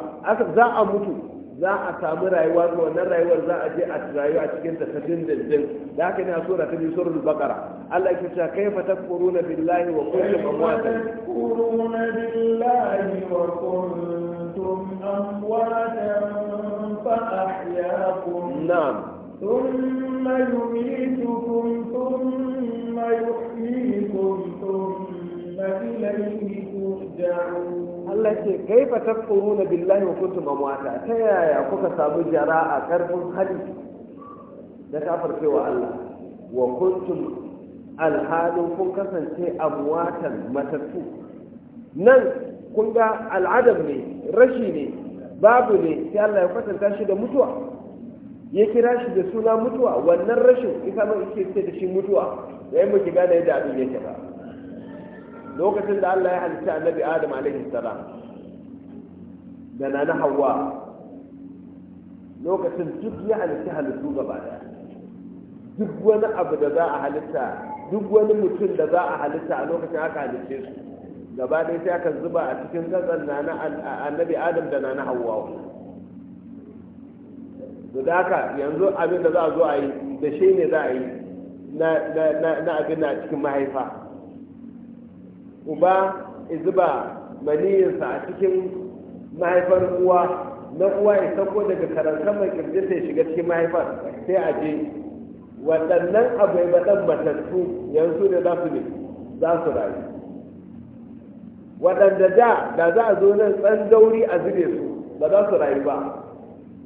Speaker 1: za a mutu za a samu rayuwa ko wannan rayuwar za a je a rayuwa cikin ta dindindin da haka ne a sura ta biyu suratul baqara Allah ya ce kayfa takfuruna billahi wa kuntum amwatan
Speaker 3: takfuruna
Speaker 2: billahi wa kuntum amwatan fa ahyaakum na'am thumma يميتكم thumma يحييكم thumma ilayhi Allah ce
Speaker 1: kai fa tafkuruna billahi wa kuntum amwata ta yaya kuka samu jara a karfin hali da wa Allah wa kuntum alhalin kun kasance amwatan matattu nan kun ga al'adam ne rashi ne babu ne sai Allah ya kwatanta shi da mutuwa ya kira shi da suna mutuwa wannan rashin isa ma ike ce da shi mutuwa Sai ba gane da abin yake ba lokacin da Allah ya halitta annabi Adam alaihi salam da na na Hawwa lokacin duk ya halitta halittu gaba daya duk wani abu da za a halitta duk wani mutum da za a halitta a lokacin aka halitta su gaba ɗaya sai aka zuba a cikin gazan na na annabi Adam da na na Hawwa to da haka yanzu abin da za a zo a yi da shi ne za a yi na abin na cikin mahaifa uba izuba maniyinsa a cikin mahaifar uwa na uwa ya sauko daga karanta mai kirji sai shiga cikin mahaifar sai a je waɗannan abai baɗan matattu yanzu ne za su ne za su rayu waɗanda da da za a zo nan tsan dauri a zube su ba za su rayu ba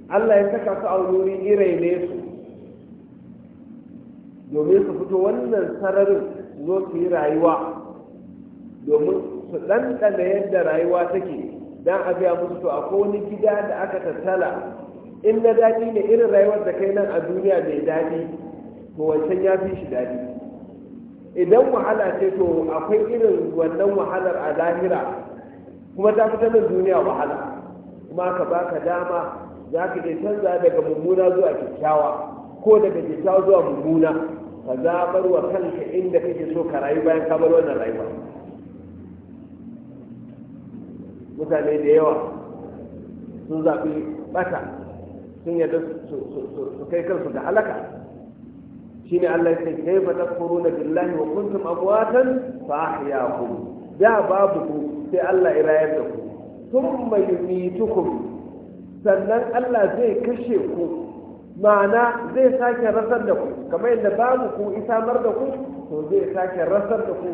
Speaker 1: allah ya saka su a wuri irai ne su domin su fito wannan sararin zo su yi rayuwa domin su ɗanɗana yadda rayuwa take don a biya musu to akwai wani gida da aka tattala in na daɗi ne irin rayuwar da kai nan a duniya mai daɗi to wancan ya fi shi daɗi idan wahala ce to akwai irin wannan wahalar a lahira kuma ta fi nan duniya wahala kuma ka baka dama za ka iya canza daga mummuna zuwa kyakkyawa ko daga kyakkyawa zuwa mummuna ka zaɓar wa kanka inda kake so ka rayu bayan ka bar wannan rayuwa mutane da yawa sun zaɓi ɓata sun yarda su kai kansu da halaka shi ne Allah ya kai fa takfuruna billahi wa kuntum amwatan fa ahyaakum da babu ku sai Allah ya rayar da ku Sun thumma yumitukum sannan Allah zai kashe ku ma'ana zai sake rasar da ku kamar yadda babu ku isamar da ku to zai sake rasar da ku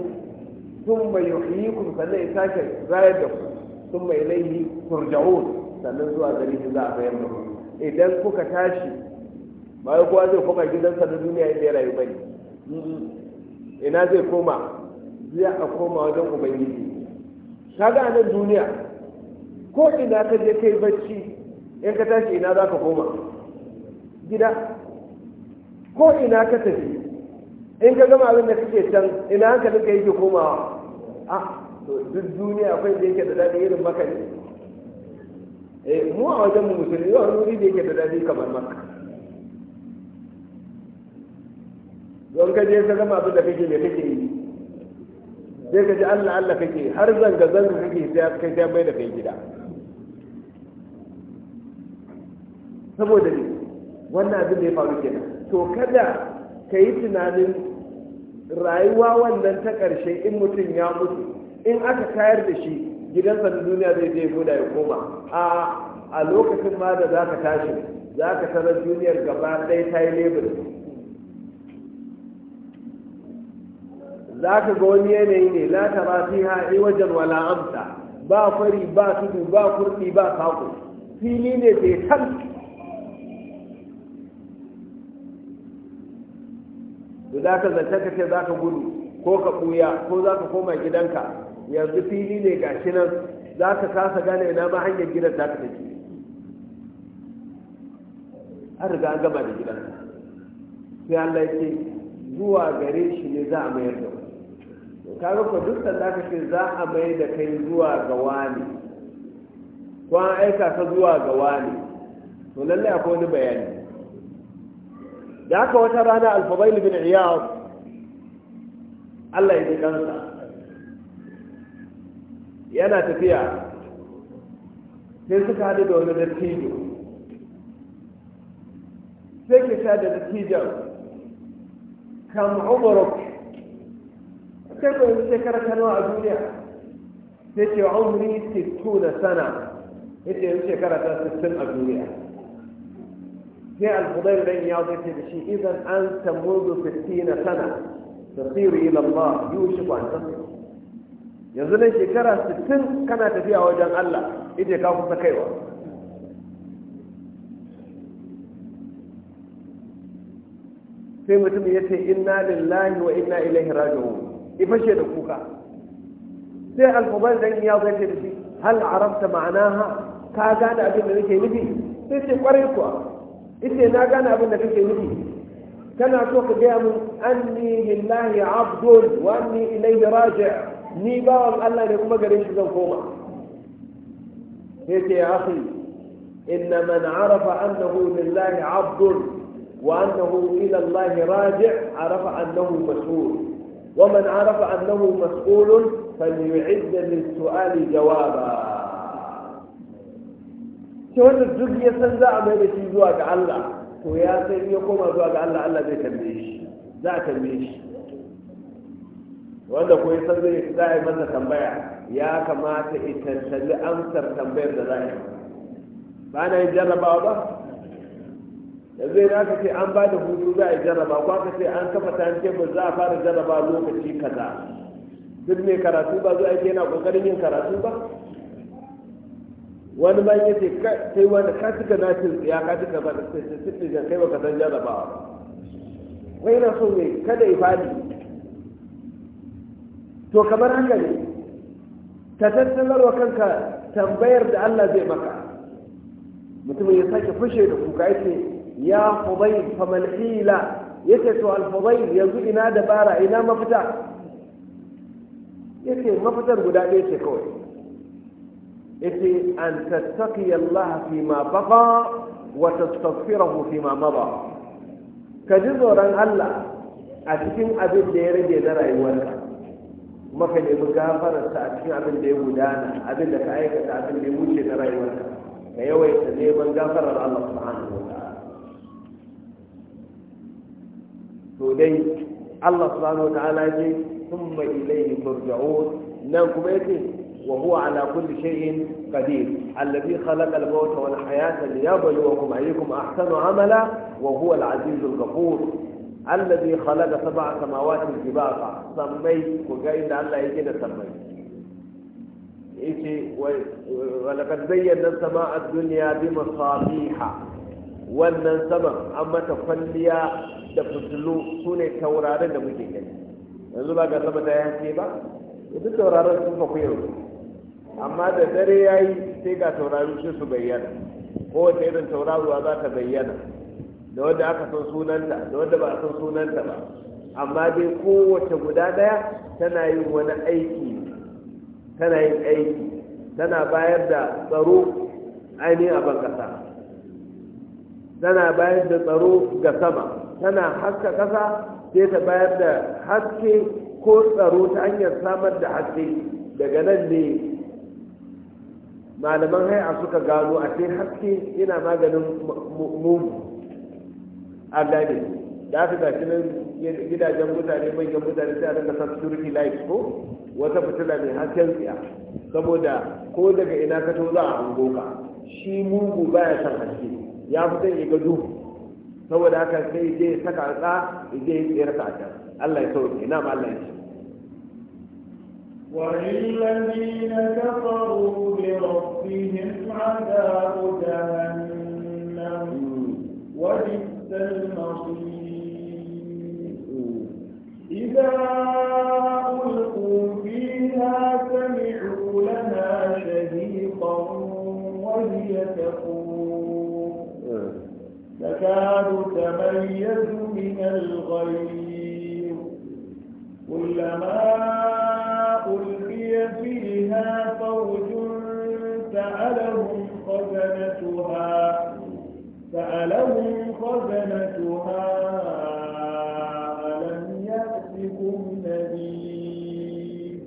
Speaker 1: Sun mai yi ku, sannan ya sake rayar da ku Sun mai laihi turja'un sannan zuwa gari shi za a bayan da idan kuka tashi ba kowa zai koma gidansa na duniya inda ya rayu bane ina zai koma zai a koma wajen ubangiji kaga a nan duniya ko ina ka je kai bacci in ka tashi ina za ka koma gida ko ina ka tafi in ka gama abin da kake can ina hankalin ka yake komawa a ah, to duk duniya akwai da yake da daɗi irin maka ne eh mu a wajen mu musulmi yau wani wuri da yake da daɗi kamar maka don ka je ka zama abin da kake me kake yi sai ka ji Allah Allah kake har zanga zanga kake sai kai sai mai da kai gida saboda ne wannan abin da ya faru kenan to kada ka yi tunanin rayuwa wannan ta ƙarshe in mutum ya mutu in aka tayar da shi gidansa na duniya zai je guda ya koma a a lokacin ma da za ka tashi za ka tarar duniyar gaba ɗaya ta yi lebur za ka ga wani yanayi ne la ta ba fi ha wajen wala amsa ba fari ba tudu ba kurɗi ba saƙo fili ne bai kan da za ka zanta ka ce za ka gudu ko ka ɓuya ko za ka koma gidanka yanzu fili ne ga shi nan za ka kasa gane ina ma hanyar gidan za ka tafi. an riga an gama da gidan sai Allah yake zuwa gare shi ne za a mayar da kaga ko duk da ka ce za a mayar da kai zuwa ga wani ko an aika ka zuwa ga wani to lallai akwai wani bayani da aka wata rana alfabai bin iyad Allah ya ji kansa yana tafiya sai suka haɗu da wani dattijo sai ke sha da dattijan kam umarok sai ko yanzu shekara ta nawa a duniya sai ce wa umri sittu na sana ce yanzu shekara ta sittin a duniya sai al-fudayl dan ya ce da shi idan an zuwa sittina sana tasiru ila Allah yushiku an tasiru yanzu nan shekara 60 kana tafiya wajen Allah ita ka kusa kaiwa sai mutum ya ce inna lillahi wa inna ilaihi raji'un ifashe da kuka sai alfabar dan ya zai ce da shi hal arabta ma'anaha ka gane abin da nake nufi sai ce kwarai kuwa ita na gane abin da kake nufi kana so ka gaya min anni lillahi abdul wa anni ilaihi raji' ni bawan Allah ne kuma garin shi zan koma sai ce ya akhi inna man arafa annahu lillahi abdun wa annahu ila Allah raji' arafa annahu mas'ul wa man arafa annahu mas'ul falyu'id lis-su'ali jawaba ce wanda duk ya san za a mai da shi zuwa ga Allah to ya san ya koma zuwa ga Allah Allah zai tambaye shi za a tambaye shi wanda ko yasan zai za a yi masa tambaya ya kamata ya tantanci amsar tambayar da za a yi ba na yin jarrabawa ba yanzu idan ka ce an ba da hutu za a yi jarraba ko aka ce an kafa ba za a fara jarraba lokaci kaza duk mai karatu ba zuwa yake yana kokarin yin karatu ba wani ba yake kai wani ka cika ce ya ka cika ba da sai sai kai baka san jarrabawa ba wai na so ne kada ya fadi to kamar haka ne ka tattalar wa kanka tambayar da Allah zai maka mutumin ya sake fushe da kuka yake ya fubai famal Ya ce to alfubai yanzu ina dabara ina mafita ce mafitar guda ɗaya ce kawai ce an tattaqi Allah fi ma baqa wa tastaghfirahu fi ma mada ka ji tsoron Allah a cikin abin da ya rage na rayuwarka maka nemi gafararsa a cikin abin da ya gudana abin da ka aikata abin da ya wuce na rayuwarka ka yawaita neman gafarar Allah subhanahu wa ta'ala to dai Allah subhanahu wa ta'ala ce thumma ilayhi turja'un nan kuma yake wa huwa ala kulli shay'in qadir alladhi khalaqa al-mauta wal hayata liyabluwakum ayyukum ahsanu amala wa huwa al-azizul ghafur allazi khalaqa sab'a samawati jibaqa sammai ku ga inda Allah yake da sammai yace wa laqad zayyana sama'a ad-dunya bi masabiha wannan saman an mata kwalliya da fitilu sune taurarin da muke gani yanzu ba ga sama da yanke ba duk taurarin sun fa kuyo amma da dare yayi sai ga taurarin su bayyana kowace irin tauraruwa za ta bayyana da wanda aka san sunanta da wanda ba a san sunanta ba amma dai kowace guda daya tana yin wani aiki tana yin aiki tana bayar da tsaro ainihin a bankasa tana bayar da tsaro ga sama tana haska kasa sai ta bayar da haske ko tsaro ta hanyar samar da haske daga nan ne malaman hai'a suka gano a sai haske yana maganin mugu an gane da aka gashi nan gidajen mutane manyan mutane sai a rinka sa security lights ko wata fitila mai hasken tsiya saboda ko daga ina ka to za a hango ka shi mugu baya san haske ya fi son ya ga duhu saboda haka sai je saka ka je ya tsira ka can Allah ya sauke na ma Allah ya ce
Speaker 2: وللذين كفروا بربهم عذاب جهنم hmm. وبئس إذا ألقوا فيها سمعوا لها شهيقا وهي تفور تكاد تميز من الغير كلما ألقي فيها فوج سألهم خزنتها
Speaker 3: سألهم
Speaker 2: خزنتها ألم يأتكم نذير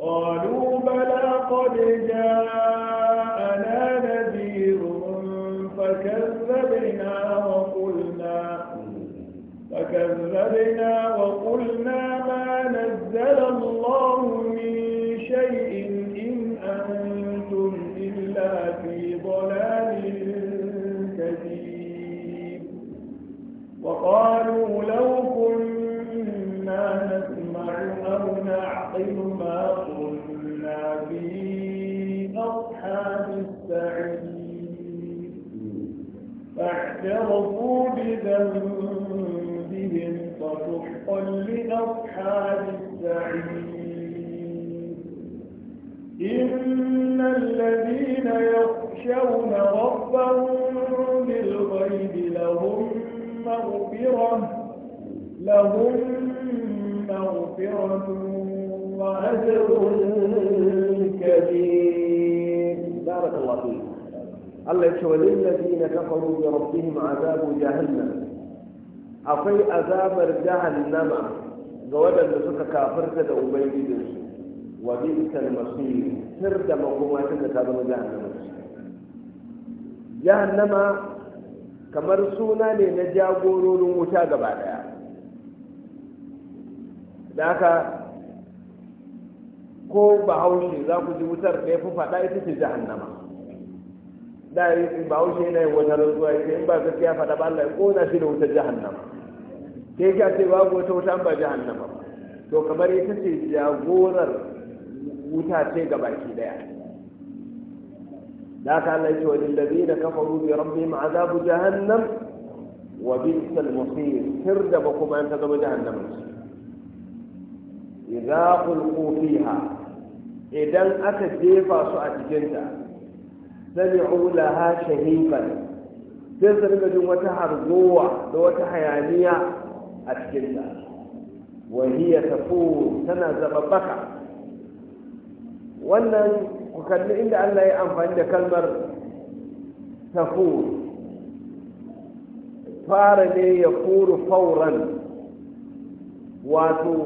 Speaker 2: قالوا بلى قد جاءنا نذير فكذبنا وقلنا فكذبنا وقلنا ما نزل الله قالوا لو كنا نسمع أو نعقل ما قلنا في أصحاب السعير فاعترفوا بذنبهم فسحقا لأصحاب السعير إن الذين يخشون ربهم بالغيب لهم مغفرة لهم مغفرة وأجر
Speaker 1: كبير بارك الله فيك قال لك وللذين كفروا بربهم عذاب جهنم أفي عذاب جهنم قوادا لسك كافر كدا أبيد دنس وبئس المصير سرد مقومات كدا جهنم جهنم kamar suna ne na jagororin wuta gaba daya da aka ko bahaushe za ku ji wutar da ya fi faɗa ita ce jahannama da bahaushe yana yi wata rantsuwa ita in ba gaskiya faɗa ba Allah ya kona shi da wutar jahannama ke ya ce ba ku wata wuta ba jahannama to kamar ita ce jagorar wuta ce ki daya da haka Allah yake wa lillazina kafaru bi rabbihim azabu jahannam wa bi'sal masir tirda ba kuma an ta zama jahannam idza ulqu fiha idan aka jefa su a cikinta sami'u laha shahiqan sai su rika jin wata hargowa da wata hayaniya a cikinta wahiya tafu tana zaba baka wannan ku kalli inda Allah ya amfani da kalmar tafur fara ne ya furu fauran wato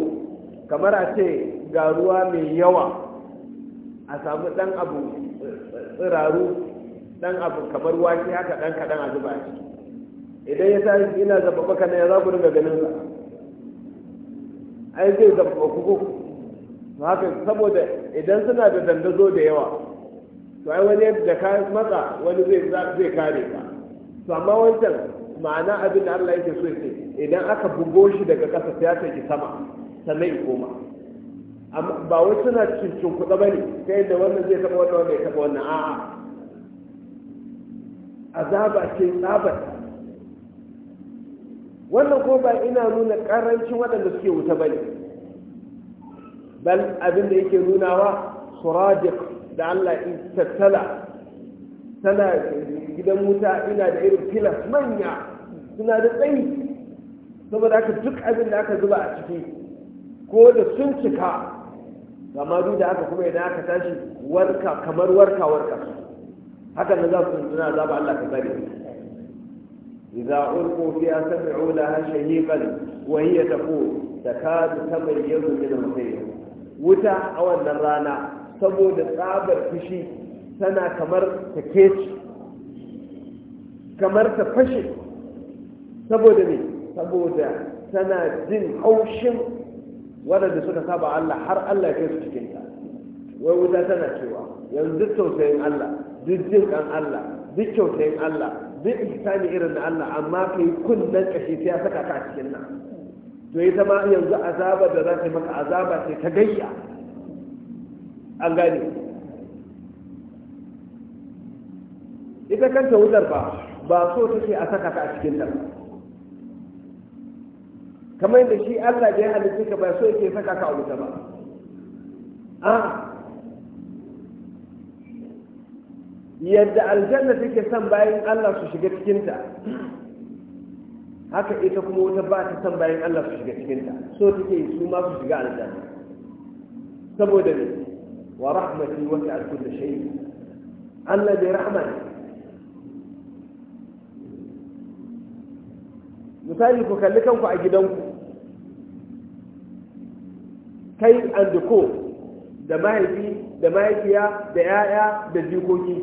Speaker 1: kamar a ce ga ruwa mai yawa a samu dan abu tsiraru dan abu kamar wake haka dan kaɗan a zuba shi idan ya tashi ina zaba baka ne ya za ku dinga ganin sa ai zai zaba ku haka saboda idan suna da dandazo da yawa to ai wani da ka matsa wani zai zai kare ka to amma wancan ma'ana abin da Allah yake so ce idan aka bugo shi daga ƙasa sai aka yi sama sannan ya koma Amma ba wai suna cincin kuɗa ba ne ta da wannan zai taɓa wannan wanda ya taɓa wannan a'a azaba ce tsabata wannan ko ba ina nuna ƙarancin waɗanda suke wuta ba ne bal abin da yake nunawa suradiq da Allah in tattala tana gidan wuta ina da irin filas manya suna da tsayi saboda haka duk abin da aka zuba a ciki ko da sun cika amma da aka kuma idan aka tashi warka kamar warka warka haka na za su suna za ba Allah ka tsare idza ulqu fiha sami'u laha shahiqan wa hiya taqul takadu tamayyadu min al wuta a wannan rana saboda tsabar fushi tana kamar ta keci kamar ta fashe saboda ne saboda tana jin haushin waɗanda suka saba Allah har Allah ya kai su cikinta wai wuta tana cewa yanzu duk tausayin Allah duk jin kan Allah duk kyautayin Allah duk ihsani irin a Allah amma kai kunnen kashi sai ya saka ka cikin nan to ita ma yanzu azaba da za ta maka azaba ce ta gayya an gane ita kanta wutar ba ba so ce a saka ta a cikin ta kamar da shi Allah da ya halitta ka ba so yake saka ka a wuta ba a yadda aljanna take son bayan Allah su shiga cikin ta haka ita kuma wata ba ta san bayan Allah su shiga cikinta so take su ma su shiga aljanna saboda ne wa rahmati wa ta'al da shay Allah bai rahama ne misali ku kalli kanku a gidanku kai and ko da mahaifi da mahaifiya da 'ya'ya da jikoki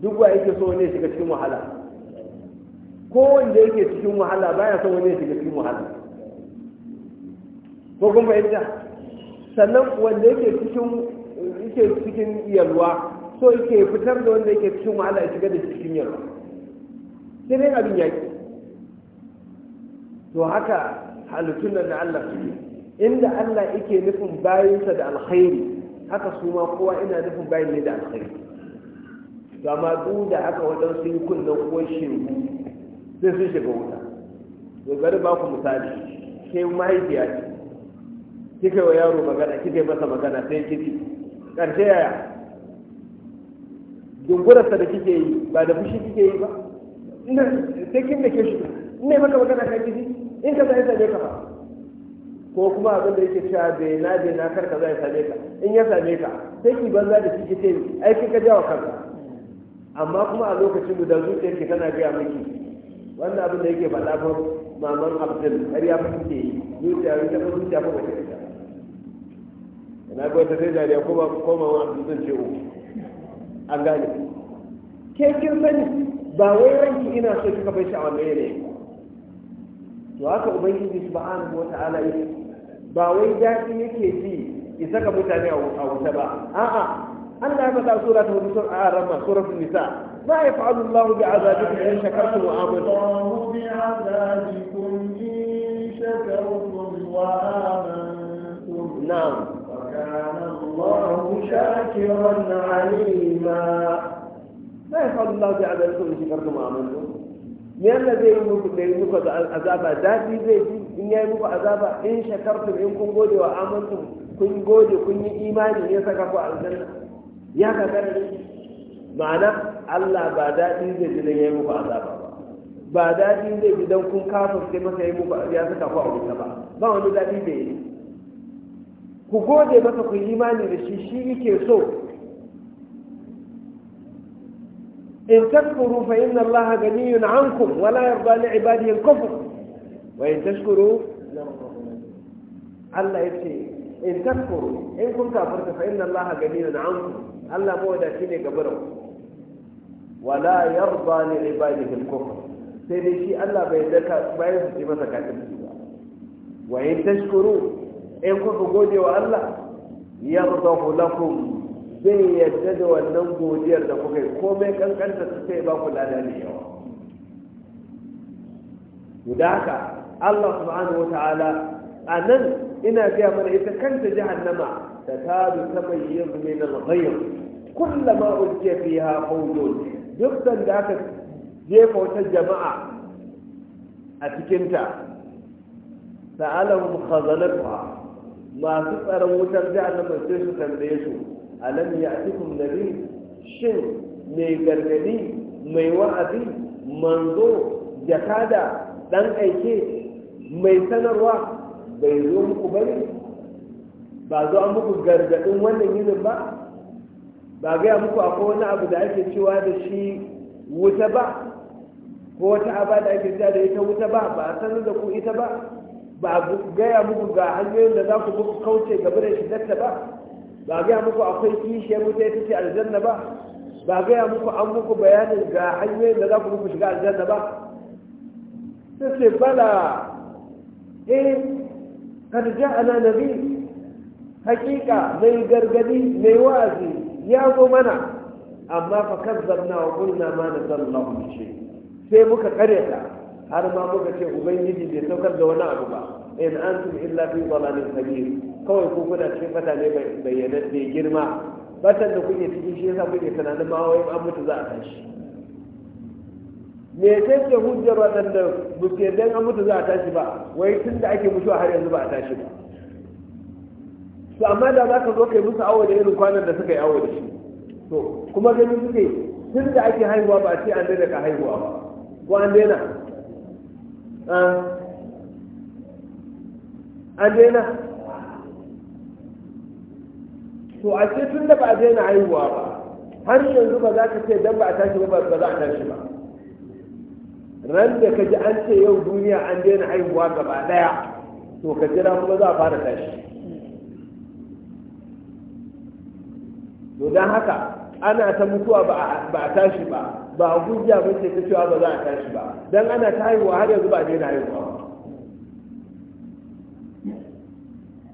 Speaker 1: duk wa yake so ne shiga cikin wahala ko wanda yake cikin wahala baya son wani ya shiga cikin wahala ko kun fahimta sannan wanda yake cikin yake cikin yalwa so yake fitar da wanda yake cikin wahala ya shiga da cikin yalwa sai dai abin yaki to haka halittun nan na Allah inda Allah yake nufin bayansa da alkhairi haka su ma kowa ina nufin bayan ne da alkhairi to amma duk da haka waɗansu yi kunnen kuwa shegu sai sun shiga wuta to bari ba ku misali ke mahaifiya ce kika wa yaro magana kika yi masa magana sai kiki karshe yaya dungurarsa da kike yi ba da fushi kike yi ba ina sai kin da ke shi ina maka magana kan kiki in ka zai same ka ba ko kuma abin da yake cewa bai na bai na karka zai same ka in ya same ka sai ki banza da shi kike ce ai kika jawa kanka amma kuma a lokacin da zuciyarki tana gaya miki wannan abin da yake faɗa fa maman abdul har ya fi ke yi zuciya ta fi zuciya fa bace ita na ga wata sai dariya ko ko maman abdul zan ce uku oh, an gane
Speaker 2: ke kin sani
Speaker 1: ba wai ranki ina so kika bai shi a wannan yare to haka ubangiji subhanahu wata'ala yake ba wai daɗi yake ji ki saka mutane a wuta ba a'a Allah ya faɗa sura ta hudu sun a ramma suratul nisa ما يفعل الله بعذابكم إن شكرتم وآمنتم
Speaker 2: الله بعذابكم إن
Speaker 1: da yi muku daɗi zai ji in yayi muku azaba in shakartum in kun gode wa amantum kun gode kun yi imani ne saka ku ma'ana Allah ba daɗi zai ji ya yi muku azaba ba ba daɗi zai ji dan kun kafa sai masa yayi muku ya saka ku a wuta ba ba wani daɗi da yi ku gode masa ku imani da shi shi yake so in tashkuru fa inna Allah ganiyun ankum wa la yarda li ibadihi al-kufr wa in tashkuru Allah yace in tashkuru in kun kafarta fa inna Allah ganiyun ankum Allah mawadaci ne gabarin ku wala yarda li ibadihi al-kufr sai dai shi Allah bai daka bayan su masa kafirci ba wa in tashkuru in kuka gode wa Allah yardahu lakum zai yarda da wannan godiyar da kuka yi komai kankanta su sai ba ku lada ne yawa da haka Allah subhanahu wa ta'ala a nan ina gaya ita kanta jahannama ta tadu ta bayyana min al-ghayr kullama duk sanda aka jefa wata jama'a a cikinta sa'alahum khazanatuha masu tsaron wutar da jahannama sai su tambaye su alam ya'tikum nabi shin mai gargadi mai wa'azi manzo jakada dan aike mai sanarwa bai zo muku bane ba zo an muku gargadin wannan yinin ba ba gaya muku akwai wani abu da ake cewa da shi wuta ba ko wata aba da ake cewa da ita wuta ba ba a sanar da ku ita ba ba a gaya muku ga hanyoyin da za ku kauce gaba da datta ba ba a gaya muku akwai kishiyar wuta ita ce aljanna ba ba a gaya muku an muku bayanin ga hanyoyin da za ku shiga aljanna ba sai ce bala eh kad ja'ana nabi hakika mai gargadi mai wa'azi ya zo mana amma fa kazzabna wa qulna ma nazzalallahu min shay sai muka karyata har ma muka ce ubangiji bai saukar da wani abu ba in antum illa fi dhalalin kabir kawai ku kuna cikin fata ne bayyana da girma batan da kuke cikin shi yasa kuke tunanin ma wai an mutu za a tashi me ke hujjar waɗanda ba su yarda an mutu za a tashi ba wai tun da ake mutuwa har yanzu ba a tashi ba to amma da za ka zo kai musu awo da irin kwanan da suka yi awo da shi to kuma gani suke tun da ake haihuwa ba a ce an daina ka haihuwa ba ko an daina ah. an daina to a ce tun da ba a daina haihuwa ba har yanzu ba za ka ce dan ba a tashi ba ba za a tashi ba ran da ka ji an ce yau duniya an daina haihuwa gaba daya to ka jira kuma za a fara tashi to don haka ana ta mutuwa ba a tashi ba ba hujja ba ce ta cewa ba za a tashi ba don ana ta haihuwa har yanzu ba a daina haihuwa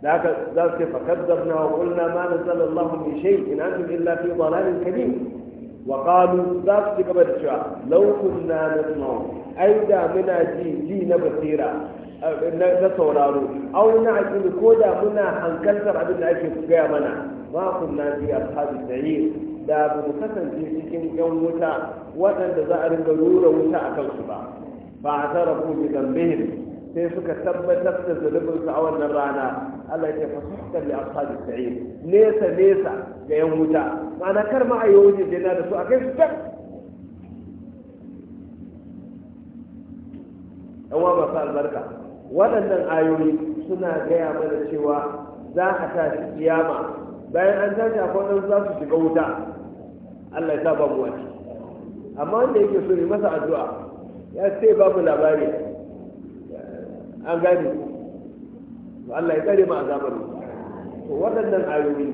Speaker 1: da haka za su ce fakaddabna wa qulna ma nazzala Allahu min shay in antum illa fi dalalin kabir wa qalu za su ci gaba da cewa law na nasma'u ai da muna ji ji na basira eh, na sauraro au na aqilu ko da muna hankaltar abin da ake gaya mana ma ku fi ashabi sa'ir da ba mu kasance cikin yan wuta waɗanda za a ringa rura wuta a kansu ba ba a ku bi zambihim sai suka tabbatar da zunubinsu a wannan rana Allah ya fasuhkan li ashabi sa'ir nesa nesa ga yan wuta ma'ana kar ma ayi wuce jina da su a kai su can yan wa masu albarka waɗannan ayoyi suna gaya mana cewa za a tashi kiyama bayan an tashi akwai wani za su shiga wuta Allah ya sa ba mu wani amma wanda yake so ne masa addu'a ya ce babu labari an to Allah ya tsare mu azabar to waɗannan ayoyi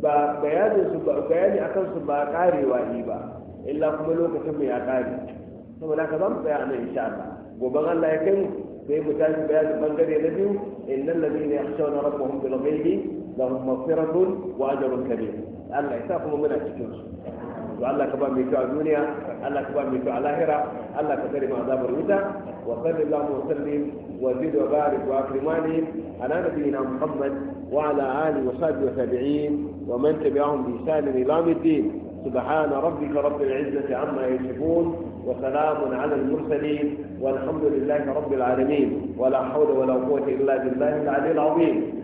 Speaker 1: ba bayanin su ba bayani akan su ba karewa ne ba illa kuma lokacin mu ya kare saboda haka za mu tsaya a nan insha Allah gobe Allah ya kai mu sai mu tashi bayanin bangare na biyu innal ladina yakhshawna rabbahum bil ghaibi لهم مغفرة وأجر كبير قال لك تاخذوا من التجوز وقال لك بقى ميتوا الدنيا قال لك بقى ميتوا الآخرة قال لك تكرم عذاب الردة وصل اللهم وسلم وزد وبارك وأكرم عليهم على نبينا محمد وعلى آله وصحبه وتابعين ومن تبعهم بإحسان إلى الدين سبحان ربك رب العزة عما يصفون وسلام على المرسلين والحمد لله رب العالمين ولا حول ولا قوة إلا بالله العلي العظيم